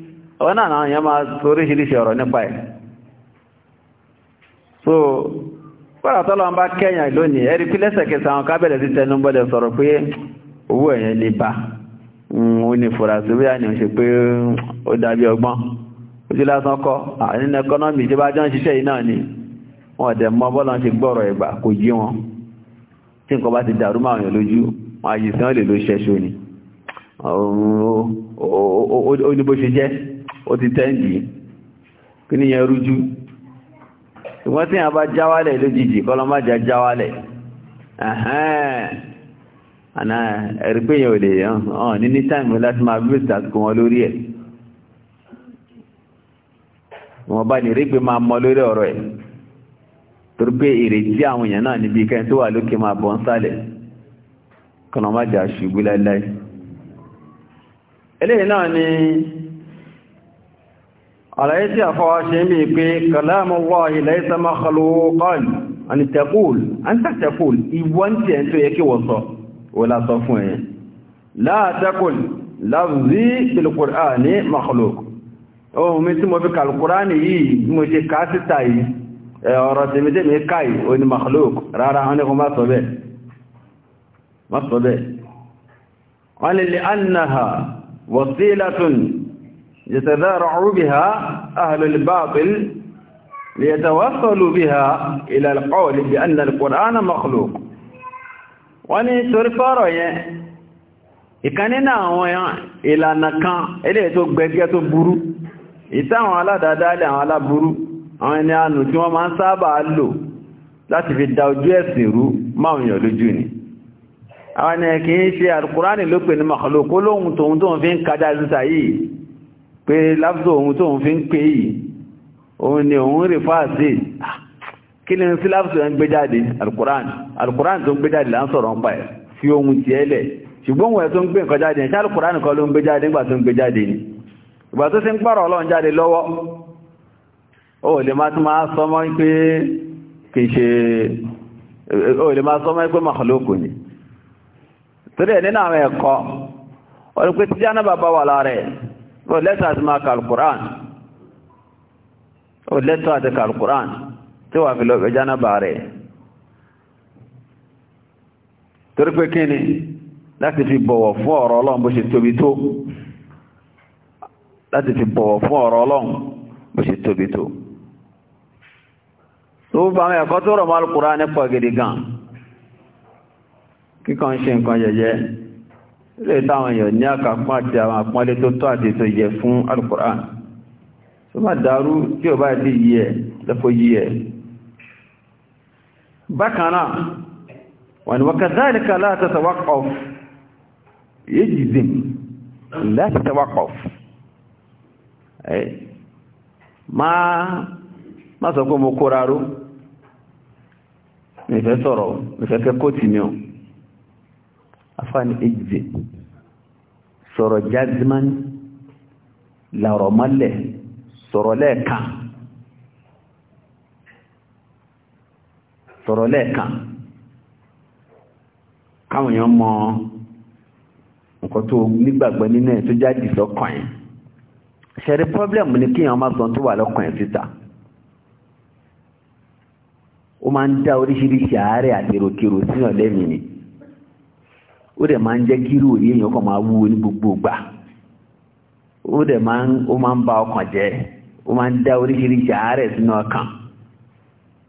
ọ̀wọ́ náà náà yẹn máa toríṣìíríṣìí ọ̀rọ̀ nípa ẹ̀ so pọ́lá tọ́lọ ń bá kẹ́yàn lónìí ẹ̀rí pí lẹ́sẹ̀kẹsẹ̀ àwọn kábẹ̀lẹ̀ ti tẹnu bọ́lẹ̀ sọ̀rọ̀ pé owó ẹ̀yẹn lè bá ó ní fòrà sí bí àní ṣe pé ó dàbí ọgbọ́n ojú lásán kọ́ nínú ẹkọ́nọ́mì tí bá jọ ń ṣiṣẹ́ yìí náà ni wọ́n dẹ̀ mọ́ bọ́lá ṣe gbọ́rọ̀ ẹ̀gbà kò yí wọn tí nǹkan bá ti dàrú máa yàn lójú wọn àyè sí wọn lè ló ṣẹṣọ ni ó ní bó ṣe jẹ́ ó ti tẹ́ǹdì kí ni yẹn rújú ṣùgbọ́n tí yẹn bá jáwálẹ̀ lójijì kọ́lọ́májà jáwálẹ̀ àná ẹ̀rí pé yẹn ò lè hàn ní ní táìmù láti máa gbé ìtàkùn wọn lórí ẹ̀ wọn bá ní rígbé máa mọ lórí ọ̀rọ̀ ẹ̀ torí pé ìrètí àwọn èèyàn náà níbi ikẹ́ tó wà lókè máa bọ́ ń sálẹ̀ kọ́lọ́májà ṣubú láíláí eléyìí náà ni àlàyé tí àfọwà ṣe ń bí pé kàlámù wà ilẹ̀ ìsẹ́mà kọlùkọ́n àni tẹ̀kùl an tẹ̀kùl ìwọ́n tí ẹ̀ tó yẹ kí wọ́n sọ wọ́n lásọ fún ẹ̀yẹn láàtẹ́kùl láàrùzí bilkùránì makhluk ohun mi tí mo fi kàlùkùránì yìí mo ṣe ká síta yìí ọ̀rọ̀ tí mi tẹ́ mi káì ó ní makhluk rárá wọn ni kò má sọ bẹ́ẹ̀ يتذارع بها أهل الباطل ليتوصلوا بها إلى القول بأن القرآن مخلوق wani torí fọ́rọ̀ yẹn ìkan nínú àwọn ìlànà kan ilé tó gbẹgbẹ́ tó burú ìtàwọn aládádálẹ̀ àwọn aláburú àwọn ẹni ànù tí wọ́n máa ń sábà lò láti fi da ojú ẹ̀sìn rú máa yàn lójú ni àwọn ẹni kìí ṣe Al-Kùránì ló pè ní makhluk olóhun tòun tóun fi ń kájá ìsúta yìí pé lábùsọ̀ ohun tó ń fi ń pè yìí òun ni òun rí fáàsì ah, kí ni sí lábùsọ̀ ń gbé jáde alukuran alukuran tó ń gbé jáde là ń sọ̀rọ̀ ń pa ẹ̀ fi ohun tiẹ̀ lẹ̀ ṣùgbọ́n wọ́n tó ń gbé nǹkan jáde ṣé alukuran kan ló ń gbé jáde nígbà tó ń gbé jáde ni ìgbà tó ó lẹ́tọ̀ àti máa ka alukur'an ó lẹ́tọ̀ àti ka alukur'an tí wàá fi lọ́ọ́ fẹjá náà bàárẹ̀ torí pé kí ni láti fi bọ̀wọ̀ fún ọ̀rọ̀ ọlọ́run bó ṣe tóbi tó láti fi bọ̀wọ̀ fún ọ̀rọ̀ ọlọ́run bó ṣe tóbi tó tó bá àwọn ẹ̀kọ́ tó rọ̀ mọ́ alukur'an pọ̀ gidi gan kíkan ṣe nǹkan jẹjẹ́ lè táwọn èèyàn ní àkàpọ̀ àti àwọn àpọ́nlé tó tọ́ àti tó yẹ fún alukur'an tó má dàrú tí ò bá lè yí ẹ̀ lọ́pọ̀ yí ẹ̀ bákan wọ́n ni wakadhalika la tatawaqaf yajzim la tatawaqaf má sọ pé mo kóra ró sọ̀rọ̀ mi fẹ́ kẹ́ kóòtù mi afáàní ejì sọ̀rọ̀ jazman làrọ̀ mọ́lẹ̀ sọ̀rọ̀ lẹ́ẹ̀kan sọ̀rọ̀ lẹ́ẹ̀kan káwọn èèyàn mọ nǹkan tó nígbàgbọ́ nínú ẹ̀ tó jáde sọ́kàn ẹ̀ ṣẹ̀rí pọ́blẹ̀mù ni kíyàn máa sọ tó wà lọ́kàn ẹ̀ síta ó máa ń dá oríṣiríṣi àárẹ̀ àti èròkèrò sínú ọ̀lẹ́mìí ó dẹ̀ máa ń jẹ́ kírú òye èèyàn kan máa wúwo ní gbogbo ìgbà ó dẹ̀ máa ń ó máa ń ba ọkàn jẹ́ ó máa ń dá oríṣiríṣi àárẹ̀ sínú ọkàn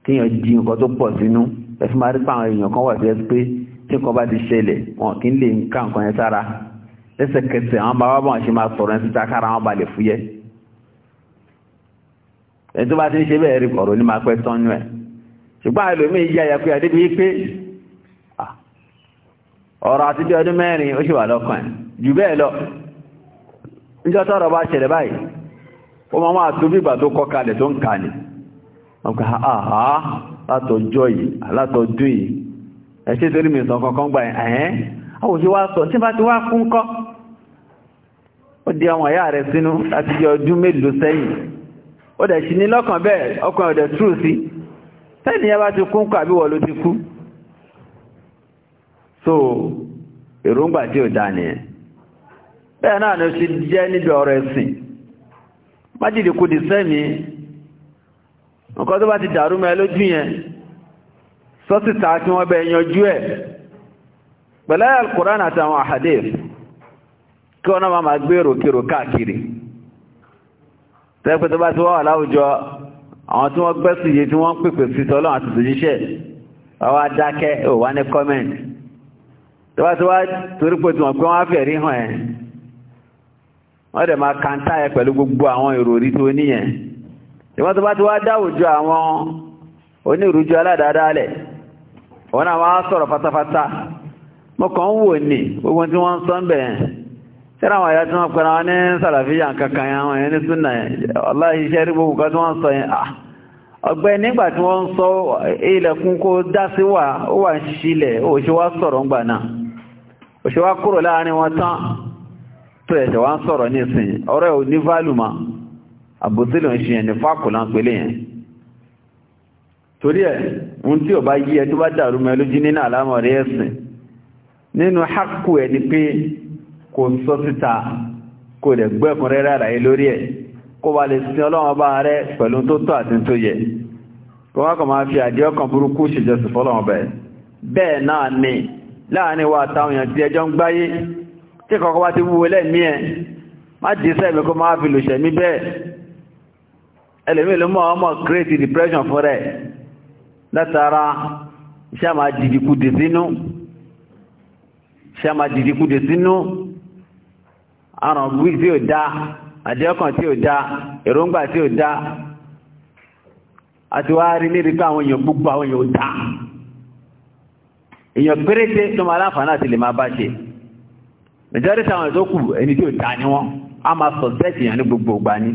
kéèyàn di nǹkan tó pọ̀ sínú ẹ̀fún máa rí pa àwọn èèyàn kan wà sí pé tí nǹkan bá ti ṣẹlẹ̀ wọn kì í lè ka nǹkan yẹn sára lẹ́sẹ̀kẹsẹ̀ àwọn bàbá bá ṣe máa sọ̀rọ̀ yẹn síta kára wọn balẹ̀ fúyẹ́ ẹni tó bá ti ń ṣe bẹ́ẹ̀ rí ọ̀rọ̀ ní máa pẹ́ tán nú ẹ̀ ṣùgbọ́n àlòmíì yá ya pé àdébíyí pé ọ̀rọ̀ àti bí ọdún mẹ́rin ó ṣe wà lọ́kàn ẹ̀ jù bẹ́ẹ̀ lọ níjọ́ tọ́rọ bá ṣẹlẹ̀ báyìí ó máa máa tó bígbà tó kọ́ kalẹ̀ tó ń kà ní ọkà àhá látọjọ́ yìí mi sọ kankan gbà ẹ̀hẹ́n àwòṣe wá sọ tí bá ti wá kún kọ́ ó di àwọn ìyá rẹ̀ sínú láti jẹ ọdún mélòó sẹ́yìn ó dẹ̀ ṣì ní lọ́kàn bẹ́ẹ̀ ọkàn so èròǹgbà tí ò dá nìyẹn bẹ́ẹ̀ náà ni ó ṣe jẹ́ níbi ọ̀rọ̀ ẹ̀sìn májìlì kò dì sẹ́mi nǹkan tó bá ti dàrú mẹ́ lójú yẹn sọ́sìta kí wọ́n bẹ yanjú ẹ̀ pẹ̀lẹ́ alkùránà àtàwọn àhàdíf kí wọ́n náà máa gbèrò kèrò káàkiri tẹ́pẹ́ tó bá ti wá láwùjọ àwọn tí wọ́n gbẹ́sù yìí tí wọ́n pèpè sí tọ́lọ́ àti tòjíṣẹ́ àwọn adákẹ́ ò wá ní kọ́mẹ́ntì tó bá tó wá torí pé tí wọ́n pé wọ́n fẹ̀rí hàn ẹ́ wọ́n dẹ̀ máa kàńtà ẹ pẹ̀lú gbogbo àwọn ìròrí tó níyẹn ìwọ́n tó bá tó wá dáwùjọ àwọn onírújú aládàádálẹ̀ wọ́n náà wá sọ̀rọ̀ pátápátá mo kàn ń wò ní gbogbo tí wọ́n ń sọ ń bẹ̀ yẹn tẹ́lá àwọn àyà tí wọ́n pẹ̀lú àwọn ní sàlàfíà kankan yẹn àwọn yẹn ní súnà yẹn ọláyé ah, nígbà tí wọ́n sọ ilẹ̀kùn kó dá sí wà ó wà ń ṣílẹ̀ ó ṣe wá sọ̀rọ̀ ńgbà náà òṣèwá kúrò láàrin wọn tán tó ẹ̀ṣẹ̀ wá ń sọ̀rọ̀ ní ìsìn ọ̀rọ̀ ò ní válùmá àbòsílẹ̀ ń ṣe ẹni fákùlá ń pèlè yẹn torí ẹ̀ tí ò bá yí ẹ tó bá dàrú mẹ́ lójú nínú àlámọ̀ ẹ̀sìn nínú hákù ni pé kò sọ síta kò dẹ̀ gbẹ́kùn rẹ̀ rárá yìí lórí ẹ̀ kó ba lè sin ọlọ́run bá rẹ̀ pẹ̀lú tó àti tó yẹ kó wá kàn máa fi burúkú fọlọ́run bẹ́ẹ̀ náà ni láàrin wa àtàwọn èèyàn tí ẹjọ́ ń gbáyé tí kọ̀kọ́ wá ti wúwo lẹ́mí ẹ̀ má dì sẹ́mi kó máa fi lòṣẹ̀ bẹ́ẹ̀ ẹlòmí ló mọ̀ ọmọ create depression fún rẹ̀ látara iṣẹ́ àmà jìdìkudè sínú iṣẹ́ àmà jìdìkudè sínú àrùn gbí tí ò dá àdéhọ́kàn tí ò dá èròǹgbà tí ò dá àti wá rí ní rí àwọn èèyàn gbogbo àwọn èèyàn ò dá èèyàn péréte ló máa láǹfààní àti lè máa bá ṣe ìjọ́rí táwọn ìtókù ẹni tí ò ta ni wọ́n a máa sọ sẹ́ẹ̀tì yàn ní gbogbo ìgbà ní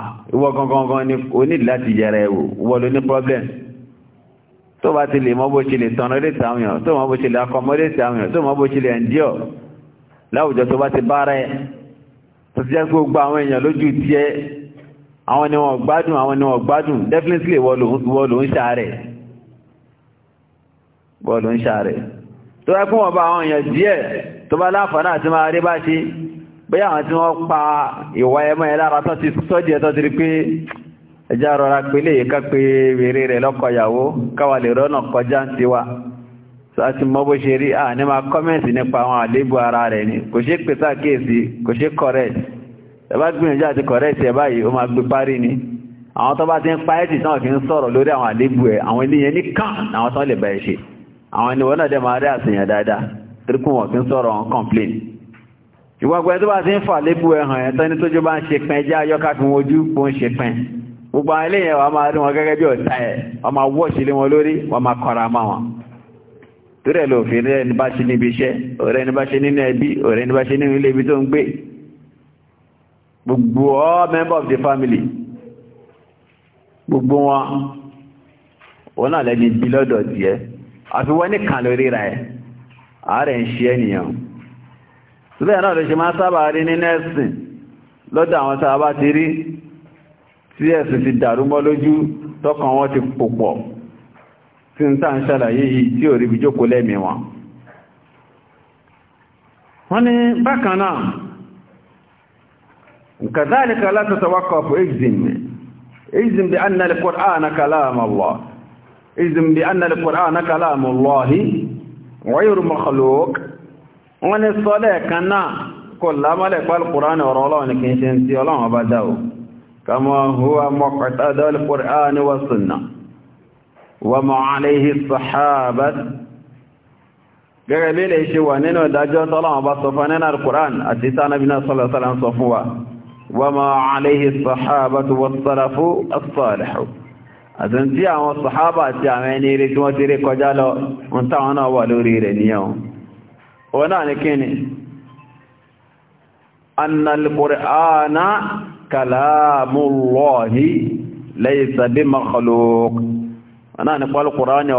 ah, ìwọ gangan ni o nílò láti yẹra ẹ̀wò wọ́n ló ní problem tó bá ti lè mọ bó ṣe lè tọ̀nà lè tàwọn èèyàn tó mọ bó ṣe lè akọmọdé tàwọn èèyàn tó mọ bó ṣe lè ẹ̀ndíọ̀ láwùjọ tó bá ti bára ẹ̀ tó ti jẹ́ gbogbo àwọn èèyàn lójú tiẹ̀ àwọn ni wọ́n gbádùn àwọn ni wọ́n gbádùn definitely wọ́n lòún ṣàárẹ̀ bọ́ọ̀lù ń ṣàrẹ̀ tó wá kún wọn bá àwọn èèyàn díẹ̀ tó bá láǹfààní àti máa rí bá ṣe bóyá àwọn tí wọ́n pa ìwà ẹmọ́ ẹ lára tó ti sọ́dí ẹ̀tọ́ ti rí pé ẹjá rọra pé lè ká ni kò ṣe pè sáàkíyèsí kò ṣe correct ẹ bá gbìyànjú àti correct ẹ ni àwọn tó bá ti ń pa ẹ́tì náà kì ń sọ̀rọ̀ lórí àwọn àléébù ẹ̀ àwọn ilé yẹn nìkan àwọn tán lè bá ṣe àwọn ẹni wọ́n náà dẹ̀ máa rí àṣìyàn dáadáa tírkùn wọ̀n kí ń sọ̀rọ̀ wọn complain ìwọ́gbẹ́ tó bá ti ń fà lébù ẹ̀hàn ẹ̀ tán ní tójú bá ń ṣe pẹ́ jẹ́ ayọ́ká fi wọn ojú pò ń ṣe pẹ́ gbogbo àwọn eléyìn wa máa rí wọn gẹ́gẹ́ bí ọ̀tá ẹ̀ wọ́n máa wọ́ọ̀ṣì lé wọn lórí wọ́n máa kọra mọ́ wọn torí ẹ̀ lòfin rẹ̀ ní bá ṣe níbi iṣẹ́ ọ̀rẹ́ ní bá ṣe nínú ẹbí ọ̀rẹ́ ní bá ṣe nínú ilé ibi tó ń gbé gbogbo all member of the family gbogbo wọn wọn náà lẹ́ni bí lọ́dọ̀ tiẹ̀ àfi wọ́n nìkan lórí rẹ̀ ààrẹ ń ṣe ènìyàn sílẹ̀ náà lè ṣe máa sábà rí ní nẹ́ẹ̀sìn lọ́dọ̀ àwọn tá a bá ti rí tí ẹ̀sìn ti dàrú mọ́ lójú tọkàn wọn ti pòpọ̀ tí ń tàn ṣàlàyé yìí tí ò rí bí jókòó lẹ́mìí wọn wọ́n ní bákan náà kàzálìkà látọ̀tọ̀wọ́kọ̀ fún exim exim bí annal Qur'ana kalam Allah izm bi anna al-qur'ana kalamu allahi ghayru makhluq wọ́n ní sole kan náà ko la male pa al-qur'an ọ̀rọ̀ Ọlọ́hun ni kin ṣe nti Ọlọ́hun bá dá o kama huwa muqtada al-qur'an wa sunnah wa ma alayhi as-sahabat gẹ́gẹ́ bí lè ṣe wà nínú ìdájọ́ tọ́lọ́wọ́ bá sọ fún nínú al-qur'an àti tánàbí náà sallallahu alaihi sọ fún wa wa ma alayhi as-sahabatu was-salafu àtúntí àwọn sàhábà àti àwọn ẹni eré tí wọ́n ti rí kọjá lọ ń táwọn náà wà lórí rẹ̀ níyàn wọ́n náà ní kíni annalkùránà kàlámùlọ́hì laysa bi makhluq wọ́n náà ní pọ́lùkùránì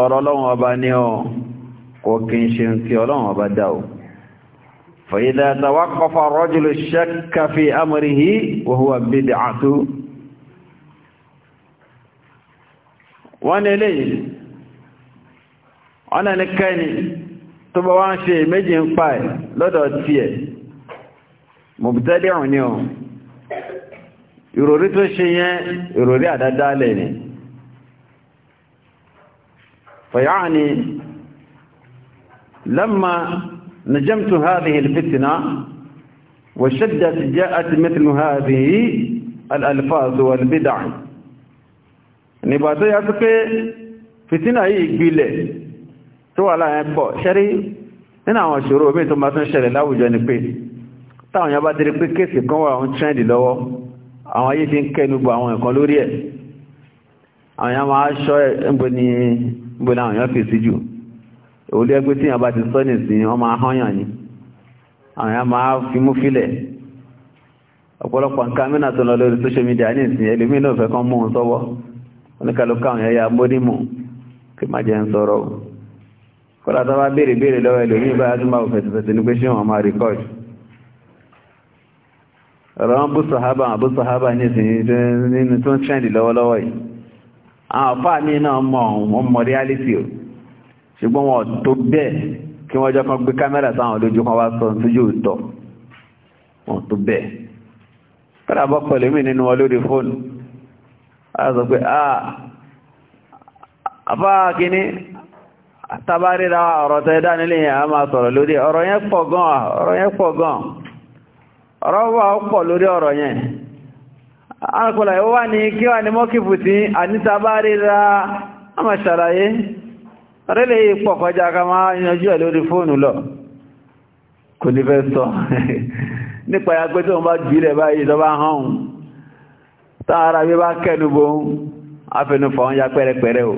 فإذا توقف الرجل الشك في أمره وهو بدعة wọ́n lè léyìí ọ̀nà ní kẹ́ni tó bọ́ wá ń ṣe méjì ń pa ẹ̀ lọ́dọ̀ tí ẹ̀ mọ̀bútẹ́lẹ̀ ọ̀n ni ọ̀ ìròrí tó ṣe yẹn ìròrí àdádálẹ̀ ni fẹ̀yàní لما نجمت هذه الفتنة وشدت جاءت مثل هذه الألفاظ والبدع nígbà tó yá sí pé fìtínà yìí gbilẹ̀ tó wà láàrin pọ̀ ṣẹ́rí nínú àwọn ìṣòro omi tó máa tún ṣẹlẹ̀ láwùjọ ni pé táwọn yẹn bá dérí pé kéèsì kan wà ń trẹ́ndì lọ́wọ́ àwọn ayé ti ń kẹnubọ àwọn nǹkan lórí ẹ̀ àwọn yẹn máa ṣọ́ ẹ̀mbọ̀ ni ẹ̀mbọ̀ làwọn yẹn fèsì jù òwúlé ẹgbẹ́ tí yẹn bá ti sọ nìsín wọ́n máa hányàn ni àwọn yẹn máa fi mú filẹ̀ ọ̀pọ̀lọpọ̀ nǹkan mìíràn tó lọ lórí social media ní ìsìn ẹlòmíràn fẹ́ kán mú un sọ́wọ́ oníkàlùkà àwọn ẹ̀yà mórímù kí má jẹ́ ń sọ̀rọ̀ kọ́lá tó bá béèrè béèrè lọ́wọ́ ẹlòmí báyá tó máa fẹ̀sẹ̀fẹ̀sẹ̀ ní pé ṣé wọ́n máa rìkọ́d ọ̀rọ̀ wọn bú sọ̀hábà àbú sọ̀hábà ní ìsinyìí tó ń trend lọ́wọ́lọ́wọ́ yìí àwọn ọ̀pá mi náà mọ̀ wọ́n mọ̀ reality o ṣùgbọ́n wọn tó bẹ́ẹ̀ kí wọ́n jọ kọ́lá bọ́ pẹ̀lú nínú wọn fóònù sọ pé ah, àfá kìíní tàbárírà ọ̀rọ̀ tẹ́ dánilé yẹn a máa sọ̀rọ̀ lórí ọ̀rọ̀ yẹn pọ̀ gan ọ̀rọ̀ yẹn pọ̀ gan ọ̀rọ̀ wà ó pọ̀ lórí ọ̀rọ̀ yẹn alùpùlà ìwọ́ wà ní kí wà ní mọ́kìfù tí a ní tàbárírà a máa ṣàlàyé rẹ̀lẹ̀ pọ̀ kọjá ká máa yanjú ẹ̀ lórí fóònù lọ tààrà bí bá kẹnubó ń afẹnufọ̀ ń ya pẹ́rẹpẹ́rẹ o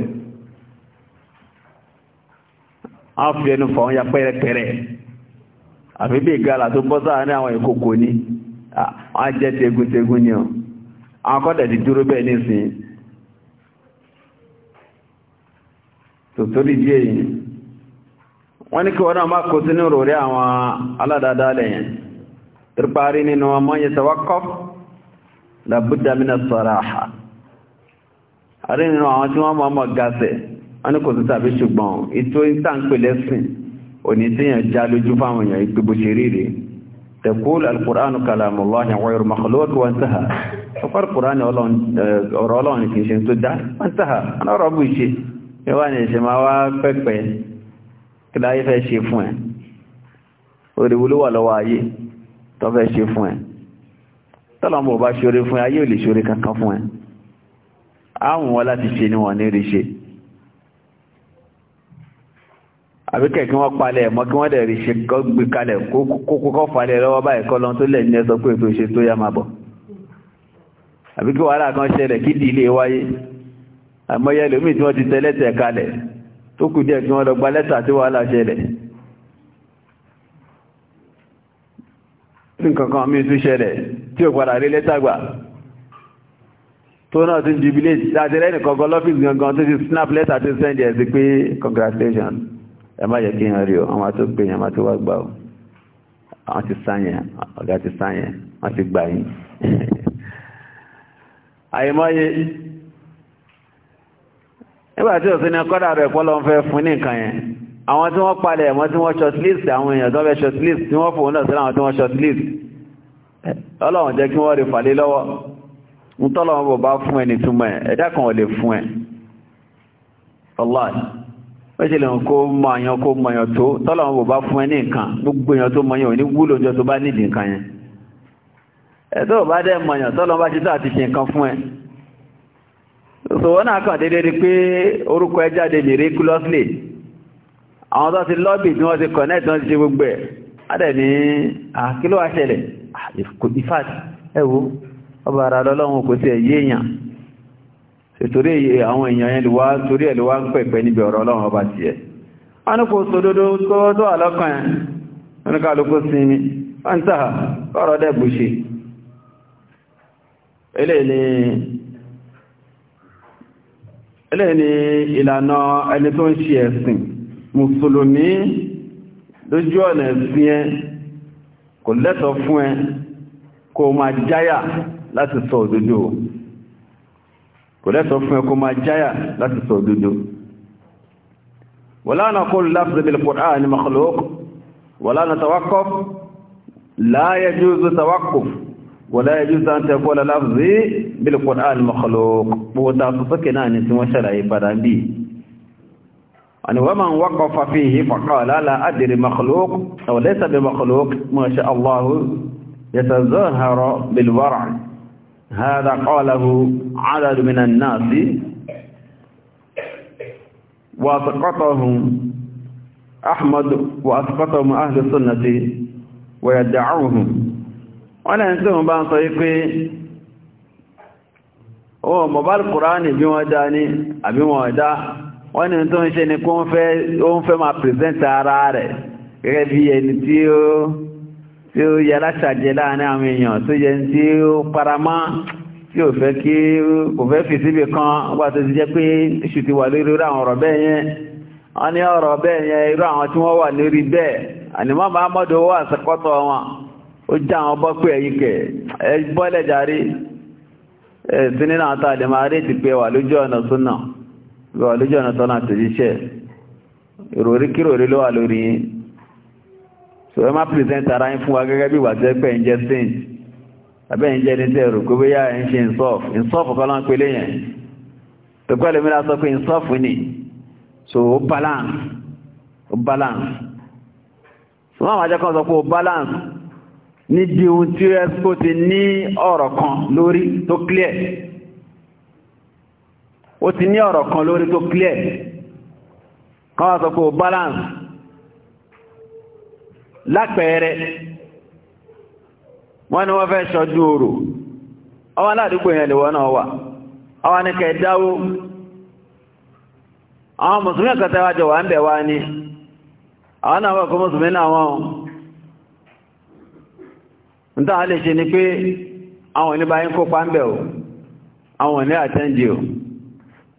afẹnufọ̀ ń ya pẹ́rẹpẹ́rẹ àfi bí ìgbàlà tó bọ́ sáà ní àwọn ìkòkò ní àwọn jẹ́ ni o àwọn kọ́dẹ̀ ti dúró bẹ́ẹ̀ nísìn tòtórí díẹ̀ yìí wọ́n ní kí wọ́n náà má kó sínú rò rí àwọn aládàádá lẹ́yìn nínú ọmọ yẹn làbúdà mínà sọ̀rọ̀ àhà àrí nínú àwọn tí wọ́n mọ́ ọmọ gáṣẹ̀ wọ́n ní kò sí tàbí ṣùgbọ́n ètò ìtàǹpẹ̀ lẹ́sìn òní tí yàn já lójú fáwọn èèyàn ìgbé bó ṣe ríre tẹ̀kúl alkùránù kalamullahi wa ghayru makhluq wa intaha ọ̀pọ̀ alkùránù eh, ọ̀rọ̀ ọlọ́run kì í ṣe tó dá wa intaha wọn ọ̀rọ̀ bù ṣe ẹwà ní ìṣẹ̀ máa wá pẹ́pẹ́ kí láyé fẹ́ ṣe fún ẹ orí wúlúwà lọ́wọ́ ayé tó fẹ́ ṣe fún ẹ tọ́lọ́mù ọba ṣoore fún ayé ò lè ṣoore kankan fún ẹ àwọn wọn láti ṣe ni wọ́n ní rí ṣe àbíkẹ́ kí wọ́n palẹ̀ ẹ̀mọ́ kí wọ́n dẹ̀ rí ṣe gbé kalẹ̀ kókókọ́ falẹ̀ lọ́wọ́ báyìí kọ́ lọ tó lẹ̀ ní ẹsọ pé ètò ìṣe tó yá máa bọ̀ àbíkẹ́ wàhálà kan ṣẹlẹ̀ kí dìílé wáyé àmọ́yẹ lómi tí wọ́n ti tẹ lẹ́tẹ̀ kalẹ̀ tó kù díẹ̀ kí wọ́n lọ gba lẹ́tà tí wàhálà ṣẹlẹ̀ nǹkan kan mi tún ṣẹlẹ̀ tí ò padà rí lẹ́tàgbà tó náà tún jubilate láti rẹ́nì kọ̀ọ̀kan lọ́fíìsì gangan tó ti snap letter tó send ẹ̀ sí pé congratulations ẹ má jẹ́ kí n rí o àwọn tó pè yẹn má tó wá gbà o àwọn ti sáyẹn ọ̀gá ti sáyẹn wọ́n ti gbà yín àyèmọ́ye nígbà tí òsìn ní kọ́dà rẹ̀ pọ́lọ́ ń fẹ́ fún ní nǹkan yẹn àwọn tí wọ́n palẹ̀ ẹ̀mọ́ tí wọ́n shortlist àwọn èèyàn tó fẹ́ shortlist tí wọ́n fòun náà sí àwọn tí wọ́n shortlist ọlọ́run jẹ́ kí wọ́n rí fàlé lọ́wọ́ ń bọ̀ bá fún ẹni túnmọ̀ ẹ̀ ẹ̀dá kan fún ẹ̀ ọláì mẹ́sẹ̀ kó mọ̀ọ̀yàn kó mọ̀ọ̀yàn tó bọ̀ bá fún ẹni nǹkan gbogbo èèyàn tó mọ̀ọ̀yàn ò wúlò ọjọ́ tó bá nǹkan yẹn ẹ̀tọ́ bá dẹ́ bá orúkọ ẹ jáde miraculously àwọn tó ti tí wọ́n ti connect wọ́n ti ìfàtí ẹwọ́ ọba ara lọ́lọ́run kò sí ẹ̀yẹ́ èèyàn torí àwọn èèyàn yẹn lùwá torí ẹ̀ lùwá ń pẹ̀pẹ̀ níbi ọ̀rọ̀ ọlọ́run ọba ti ẹ̀ wọ́n kò sódódó tó àlọ́kàn ẹ̀ wọ́n ká lókó sinmi wọ́n tàà ọ̀rọ̀ dẹ̀ bù ṣe eléyìí ni ìlànà ẹni tó ń ṣe ẹ̀sìn mùsùlùmí lójú ọ̀nà ẹ̀sìn ẹ̀ kò lẹ́tọ̀ fún ẹ kó máa jáyà láti sọ òdodo kò lẹ́tọ̀ fún ẹ kó máa jáyà láti sọ òdodo wala naqulu lafzu bil Qur'ani makhluq wala natawaqqaf la yajuzu tawaqquf wọ́n ṣàlàyé padà bíi أن ومن وقف فيه فقال لا أدري مخلوق أو ليس بمخلوق ما شاء الله يتظاهر بالورع هذا قاله عدد من الناس وأسقطهم أحمد وأسقطهم أهل السنة ويدعوهم ولا أنتم بان صيقي هو مبال قرآن بموداني أبي مودا wọ́n ní tó ń ṣe ni kó ń fẹ́ máa ara rẹ̀ gẹ́gẹ́ bí ẹni tí ó tí ó yẹ aláṣàjẹ láàrin àwọn èèyàn tó yẹ tí ó paramá tí ò fẹ́ kí kò fẹ́ fi síbi kan wà tó ti jẹ́ pé iṣu ti wà lórí irú àwọn ọ̀rọ̀ bẹ́ẹ̀ yẹn wọ́n ní ọ̀rọ̀ bẹ́ẹ̀ yẹn irú àwọn tí wọ́n wà lórí bẹ́ẹ̀ ànímọ́ owó wọn ó já àwọn bọ́ pé ẹ̀yìn kẹ̀ lọ àlójọ́ ọ̀nà tọ́nà àtẹ̀jíṣẹ́ ìròrí kíròrí ló wà lórí yín so ẹ má pìrìsẹ́ntì ara yín fún wa gẹ́gẹ́ bí wàtẹ́ pẹ̀ ń jẹ́ saint abẹ́ ń jẹ́ ní tẹ̀rù kó bóyá ẹ̀ ń ṣe insof insof kọ́ ló ń yẹn tó pẹ́ lómìnira sọ pé insof ni so ó balance ó balance so wọ́n máa jẹ́ sọ pé ó balance nídìí ohun tí ẹ́sìkò ti ní ọ̀rọ̀ kan lórí tó clear O ti ní ọ̀rọ̀ kan lórí tó clear kan wá sọ pé balance lápẹẹrẹ wọ́n ni wọ́n fẹ́ ṣọdún orò ọwọ́ aládùúgbò yẹn lè wọ́n wà ọwọ́ ní kẹ dáwó àwọn mùsùlùmí ọ̀kọ̀tẹ́ wájọ wà ń bẹ̀ wá ní àwọn náà wọ́n kọ mùsùlùmí náà wọ́n ń lè ṣe ni pé àwọn oníbáyín kópa ń bẹ̀ o àwọn oní àtẹ́ǹdì o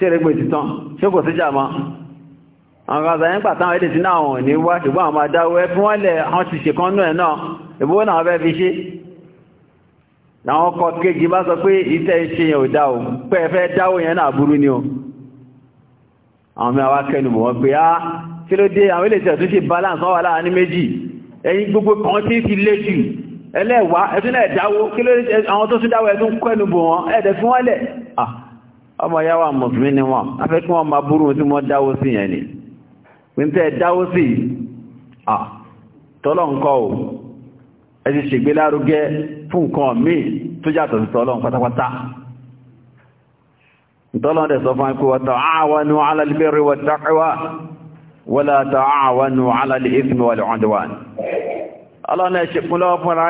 ṣẹ́rẹ́gbẹ̀ títàn ṣe kò sí jàmá àwọn ọ̀gá àzàyẹ́ ń pàtà àwọn èdè tí náà wọ̀n ní wá ṣùgbọ́n àwọn adáwọ́ ẹ fún wọ́n lẹ̀ àwọn ti ṣe kan náà náà ìbówó náà fẹ́ fi ṣe láwọn ọkọ̀ kéjì bá sọ pé iṣẹ́ iṣẹ́ yẹn ò dá o pé ẹ fẹ́ dáwó yẹn náà burú ni o àwọn mẹ́wàá kẹnu bọ̀ wọ́n pé á kí ló dé àwọn iléeṣẹ́ tó ṣe balance wọ́n wà láàrin méjì ẹ̀yin gbogbo kan tí ti lé jù ẹlẹ́wàá ẹ̀tún náà dáwó kí ló àwọn tó tún dáwó ẹ̀tún kẹnu bọ̀ wọ́n ẹ̀dẹ̀ fún wọ́n lẹ̀ ọmọ ya wa mùsùlùmí ni wọn a fẹ́ kí wọ́n máa burú tí wọ́n dáwó sí yẹn ni píntẹ́ dáwó sí à tọ́lọ̀ nǹkan o ẹ ti ṣègbé lárugẹ fún nǹkan míì tó yàtọ̀ sí tọ́lọ̀ pátápátá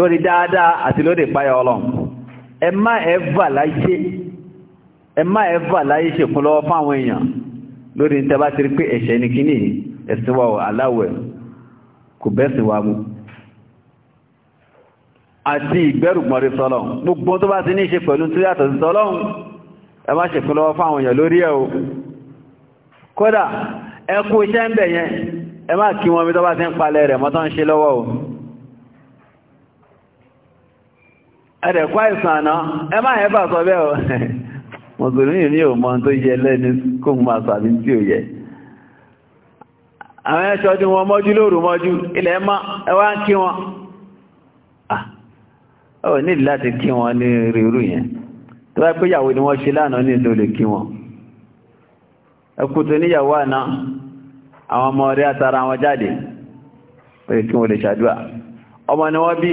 lórí dáadáa àti lórí ìpáyà ọlọ́run ẹ má ẹ̀và láyé ẹ má ẹ̀và láyé ṣèkún lọ́wọ́ fáwọn èèyàn lórí ní tẹ́bá ti rí pé ẹ̀ṣẹ̀ ní kíní ẹ̀sìn wa aláwẹ̀ kò bẹ́sìn wa mú àti ìgbẹ́rùgbọ́n rí sọ́lọ́ gbogbo tó bá ti ní ṣe pẹ̀lú tó yàtọ̀ sí sọ́lọ́ ẹ má ṣèkún lọ́wọ́ fáwọn èèyàn lórí ẹ̀ iṣẹ́ ń bẹ̀ ẹ má kí wọn bí tó bá ti ń palẹ̀ rẹ̀ mọ́tọ́ ń ṣe lọ́wọ́ o ẹ̀rẹ̀kọ́ àìsàn ẹ máa ẹ̀bà sọ bẹ́ẹ̀ o mùsùlùmí ní òmọ tó yẹ lẹ́ni kó mú àsàbí tí ò yẹ àwọn ẹ̀ṣọ́ tí wọ́n mọ́jú lóòrù mọ́jú ilẹ̀ mọ́ ẹwà kí wọn ọ̀ ah, nílì láti kí wọn ní rírú yẹn tó bá pé ni wọ́n ṣe lánàá ní ìlú ọmọ ni wọ́n bí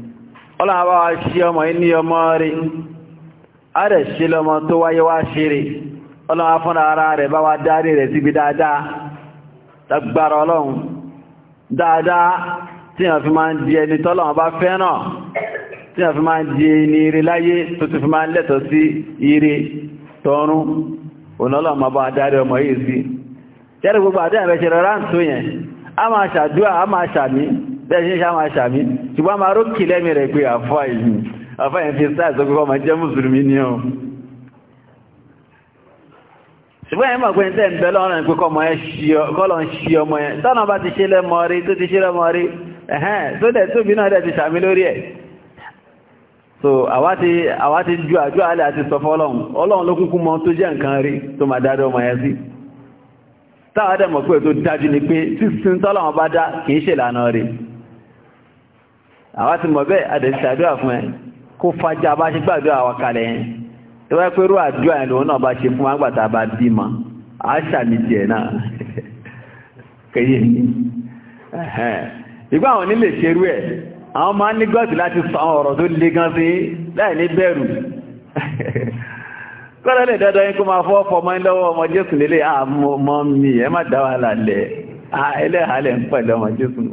ọlọ́wọ́ bá wá ṣí ọmọ inú ọmọ rí a rẹ̀ ṣe lọmọ tó wáyé wá ṣe rí ọlọ́wọ́ fún ara rẹ̀ bá wá dárí rẹ̀ síbi dáadáa tagbára ọlọ́run dáadáa tí a fi máa ń di ẹni tọ́lọ́wọ́ bá fẹ́ràn tí a fi máa ń di ẹni rí tó ti fi máa bẹ́ẹ̀ ṣe máa ṣàmí ṣùgbọ́n máa rókè lẹ́mí rẹ̀ pé àfáà yìí àfáà yìí fi sáà sọ kọ́kọ́ máa jẹ́ mùsùlùmí ní ọ ṣùgbọ́n ẹ̀mọ̀ pé ń tẹ́ ń bẹ lọ́rùn pé kọ́lọ̀ ń ṣí ọmọ ẹ̀ tọ́nà bá ti ṣe lẹ́mọ rí tó ti ṣe lẹ́mọ rí ẹ̀hẹ́n tó dẹ̀ tóbi náà dẹ̀ ti ṣàmì lórí ẹ̀ so àwa ju àjọ alẹ́ àti sọ fọ́lọ́run ọlọ́run ló kúkú mọ tó jẹ́ nǹkan rí tó máa dáadọ́ ọmọ ẹ̀ sí táwa dẹ̀ mọ̀ pé tó dájú ni pé sísun tọ́lọ́run bá dá kìí ṣèlànà rí àwa ti mọ̀ bẹ́ẹ̀ àdẹ̀sàdúrà fún ẹ kó fajá bá ṣe gbàdúrà wa kalẹ̀ yẹn tó bá pẹ́rú àdúrà ẹ̀ lòun náà bá ṣe fún agbàtà bá bí ma a ṣàmì jẹ náà kẹyẹ ní ìgbà àwọn onílé ṣerú ẹ̀ àwọn máa ń ní gọ́ọ̀tì láti sọ àwọn ọ̀rọ̀ tó le gan sí láì ní bẹ̀rù kọ́lọ́ lè dandan yín kó máa fọ́ ọkọ̀ ọmọ lọ́wọ́ ọmọ jésù lélẹ̀ àmọ́ mi ẹ má dá wàhálà lẹ̀ ẹlẹ́hàálẹ̀ ń pẹ̀lú ọmọ jésù ń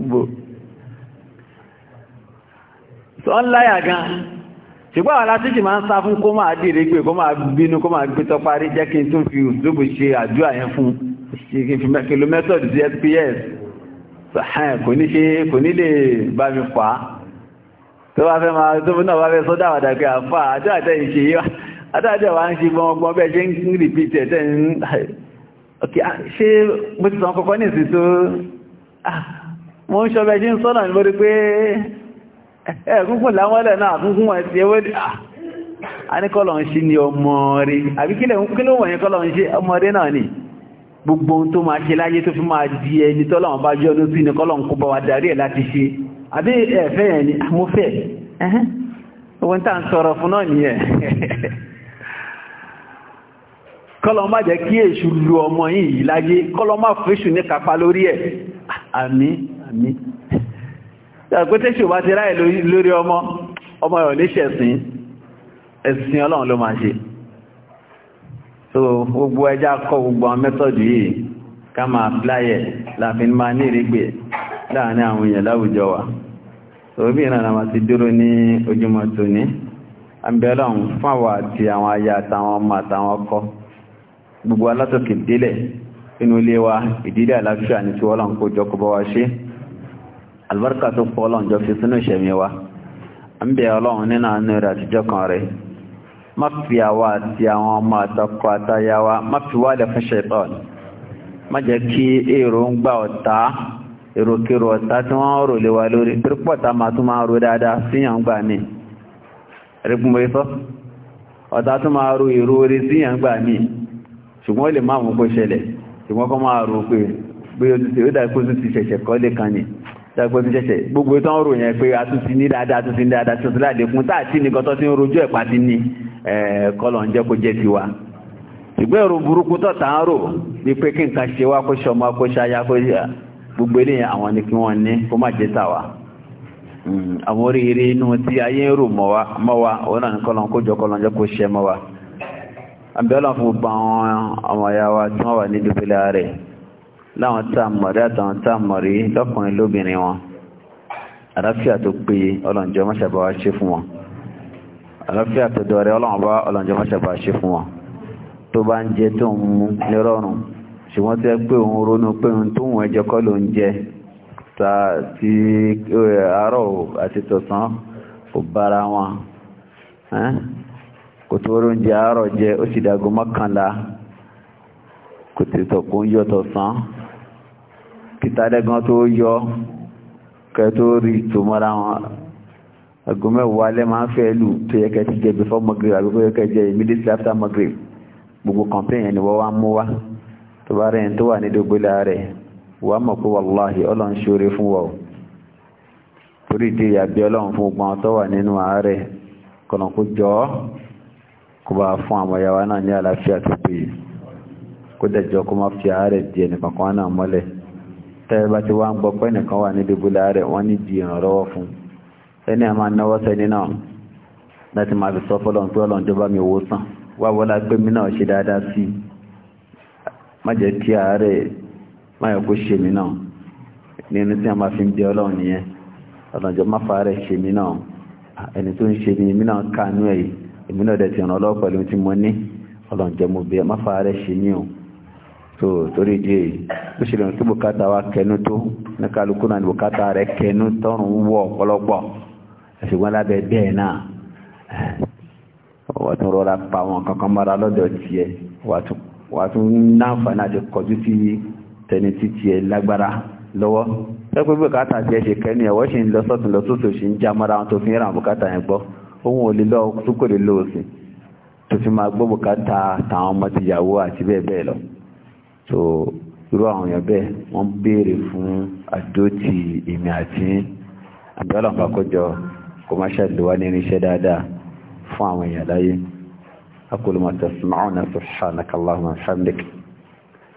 tó ń láyà gan ṣùgbọ́n àwọn alásìkì máa ń sá fún kó máa dìrí pé kó máa bínú kó máa gbé tọparí jẹ́ kí n tún fi òṣùgbò ṣe àdúrà yẹn fún kìlómẹ́tọ̀dì sí sps kò ní ṣe kò ní lè bá mi fà á tó bá fẹ́ máa tó náà bá fẹ́ sọ́dá àwàdà pé àfà àtàtà ìṣe yíwa àtàtà wà ń ṣe gbọmọgbọm bẹ́ẹ̀ ṣe ń rìpítì ẹ̀tẹ́ ń ṣe bó ti sọ kọ́kọ́ ní ìsìn tó mọ́ ń ṣọ́ bẹ́ẹ̀ ṣe ń sọ́nà ní lórí ẹ̀kúnkún láwọ́lẹ̀ náà kúnkún wọn ti ewé ah, a ní kọ́lọ̀ ń ṣe ni ọmọ rí àbí kí ló wọ̀nyí kọ́lọ̀ ń ṣe ọmọ rí náà ni gbogbo ohun tó máa ṣe láyé tó fi máa di ẹni tọ́lọ̀wọ̀n bá jọ́ lóṣù ní kọ́lọ̀ ń kó bá wa darí ẹ̀ láti ṣe àbí ẹ̀fẹ́ yẹn ni ah, mo fẹ́ ohun tá ń sọ̀rọ̀ fún náà nìyẹn kọ́lọ̀ má jẹ́ kí èṣù lu ọmọ yìí láyé kọ́lọ̀ tàbí ṣe wá ti ráyẹ̀ lórí ọmọ ọmọ ẹ̀ oníṣẹ́ ẹ̀sìn ẹ̀sìn ọlọ́run ló máa ṣe so gbogbo ẹjá kọ gbogbo àwọn mẹ́tọ̀dù yìí ká máa pláyẹ̀ láàfin máa ní ìrígbè láàrin àwọn èèyàn láwùjọ wa so bí ìrànà máa ti dúró ní ojúmọ́ tóní àbẹ̀lọ́run fún àwọn àti àwọn aya àtàwọn ọmọ àtàwọn ọkọ gbogbo alátòkè délẹ̀ inú ilé wa ìdílé àlàáfíà ní tí wọ́n lọ́n kó jọ kó bọ́ wa ṣe albarka tó pọ̀ ọlọ́run jọ fi sínú ìṣẹ̀mí wa ń bẹ ọlọ́run nínú àánú rẹ̀ àtijọ́ kan rẹ̀ má fi àwa àti àwọn ọmọ àtọkọ àtaya wa má fi wálẹ̀ fún ṣẹ̀tọ́n má jẹ́ kí èrò ń gbà ọ̀tá èròkèrò ọ̀tá tí wọ́n rò lé wa lórí pírípọ̀tà máa tún máa ro dáadáa síyàn ń gbà mí ẹ̀rẹ́gbùn bó sọ ọ̀tá tún máa ro èrò orí síyàn ń gbà mí ṣùgbọ́n ó lè má mú kó ṣẹlẹ̀ ṣùgbọ́n kó máa ro pé bóyá ó dà kó tún ti ṣẹ̀ṣẹ̀ kọ́ lé kan ni ṣàgbọ́n ti ṣẹ̀ṣẹ̀ gbogbo tó ń ròyìn pé àtúntì ní dáadáa àtúntì ní dáadáa ṣòtí láàdé fún táàtì nìkan tó ti ń ti ní kọ́lọ̀ ń jẹ́ kó jẹ́ tiwa ṣùgbọ́n èrò burúkú tó tà ń rò ní pé kí nǹkan ṣe wá kó kó kó gbogbo eléyìí àwọn ni kí wọ́n ní kó má jẹ́ wa òun náà ní kó jọ jẹ́ kó mọ́ wa láwọn tá a mọ̀rí àtàwọn tá a mọ̀rí lọ́kùnrin lóbìnrin wọn àlàáfíà tó péye ọlọ́njọ́ mọ́ṣàbá wa ṣe fún wọn àlàáfíà tó dọ̀rẹ́ ọlọ́nbá ọlọ́njọ́ mọ́ṣàbá ṣe fún wọn tó bá ń jẹ tó ń mú nírọ̀rùn ṣùgbọ́n tẹ́ pé òun ronú pé òun tó wọ́n ẹjọ́ kọ́ ló ń jẹ ta ti àárọ̀ àti tọ̀sán kò bára wọn kò tó oúnjẹ àárọ̀ jẹ ó sì dàgó mọ́kànlá kò tètò kó ń yọ tọ̀sán kìtàdẹ́gan tó yọ kẹtó rí tó mọ́ra wọn ago mẹ́wàá alẹ́ máa ń fẹ́ lù tó yẹ kẹ́ ti jẹ before Maghrib àbí tó yẹ kẹ́ jẹ immediately after Maghrib gbogbo campaign yẹn ni wọ́n wá mú wá tó bá rẹ̀ tó wà ní dógbélá rẹ̀ wà á mọ̀ pé wàláhì ọlọ́run ṣoore fún wa o torí ìdí ìyàgbé ọlọ́run fún gbọ́n tó wà nínú àárẹ̀ kọ̀nà kó jọ ọ́ kó bá fún àwọn náà ní àlàáfíà tó péye kó dẹ̀jọ́ kó má fi àárẹ̀ di ẹnìkankan náà mọ́lẹ̀ tẹ́ẹ̀bá ti wá ń gbọ́ pé nìkan wà ní dìbòlá rẹ̀ wọ́n ní di ìrànlọ́wọ́ fún ẹni àmà náwọ́ sẹ́ni náà láti máa fi sọ fọ́lọ́n pé ọlọ́n jọba mi owó sàn wá wọ́lá pé mi náà ṣe dáadáa sí i má jẹ́ kí àárẹ̀ má yẹ kó ṣe mí náà ní ẹni tí a máa fi ń bẹ ọlọ́run nìyẹn ọlọ́n jọ má fa àárẹ̀ ṣe mí náà ẹni tó ń ṣe mí mí náà kánú ẹ̀ èmi náà dẹ̀ ti ràn ọlọ́ pẹ̀lú tí mo ní ọlọ́n jẹ́ mo bẹ má fa àárẹ̀ ṣe mí o so torí di èyí ó ṣe lọ́nà tí bùkátà wa kẹnu tó ní kálukú náà ní bùkátà rẹ̀ kẹnu tọrùn wọ ọ̀pọ̀lọpọ̀ ṣùgbọ́n lábẹ́ bẹ́ẹ̀ náà wà tún rọra pa àwọn kankan mara lọ́dọ̀ tiẹ̀ wà tún náǹfààní àti kọjú sí tẹni tí tiẹ̀ lágbára lọ́wọ́ pẹ́pẹ́ bùkátà tiẹ̀ ṣe kẹ́ni ẹ̀wọ́ ṣe ń lọ sọ́tún lọ sóṣù ṣe ń já mara wọn tó fi ń ra bùkátà yẹn gbọ́ ohun ò lè lọ tó kò lè lọ òsì tó fi máa gbọ́ bùkátà tàwọn ọmọ tìyàwó àti bẹ́ẹ̀ bẹ́ẹ̀ lọ so irú àwọn èèyàn bẹ́ẹ̀ wọ́n béèrè fún àdótì èmi àti àbíọ́lọ̀ pàkójọ kò má ṣàlùwá ní irinṣẹ́ dáadáa fún àwọn èèyàn láyé أقول ما تسمعون سبحانك اللهم وبحمدك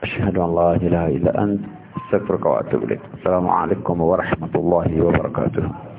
أشهد أن لا إله إلا أنت استغفرك وأتوب إليك السلام عليكم ورحمة الله وبركاته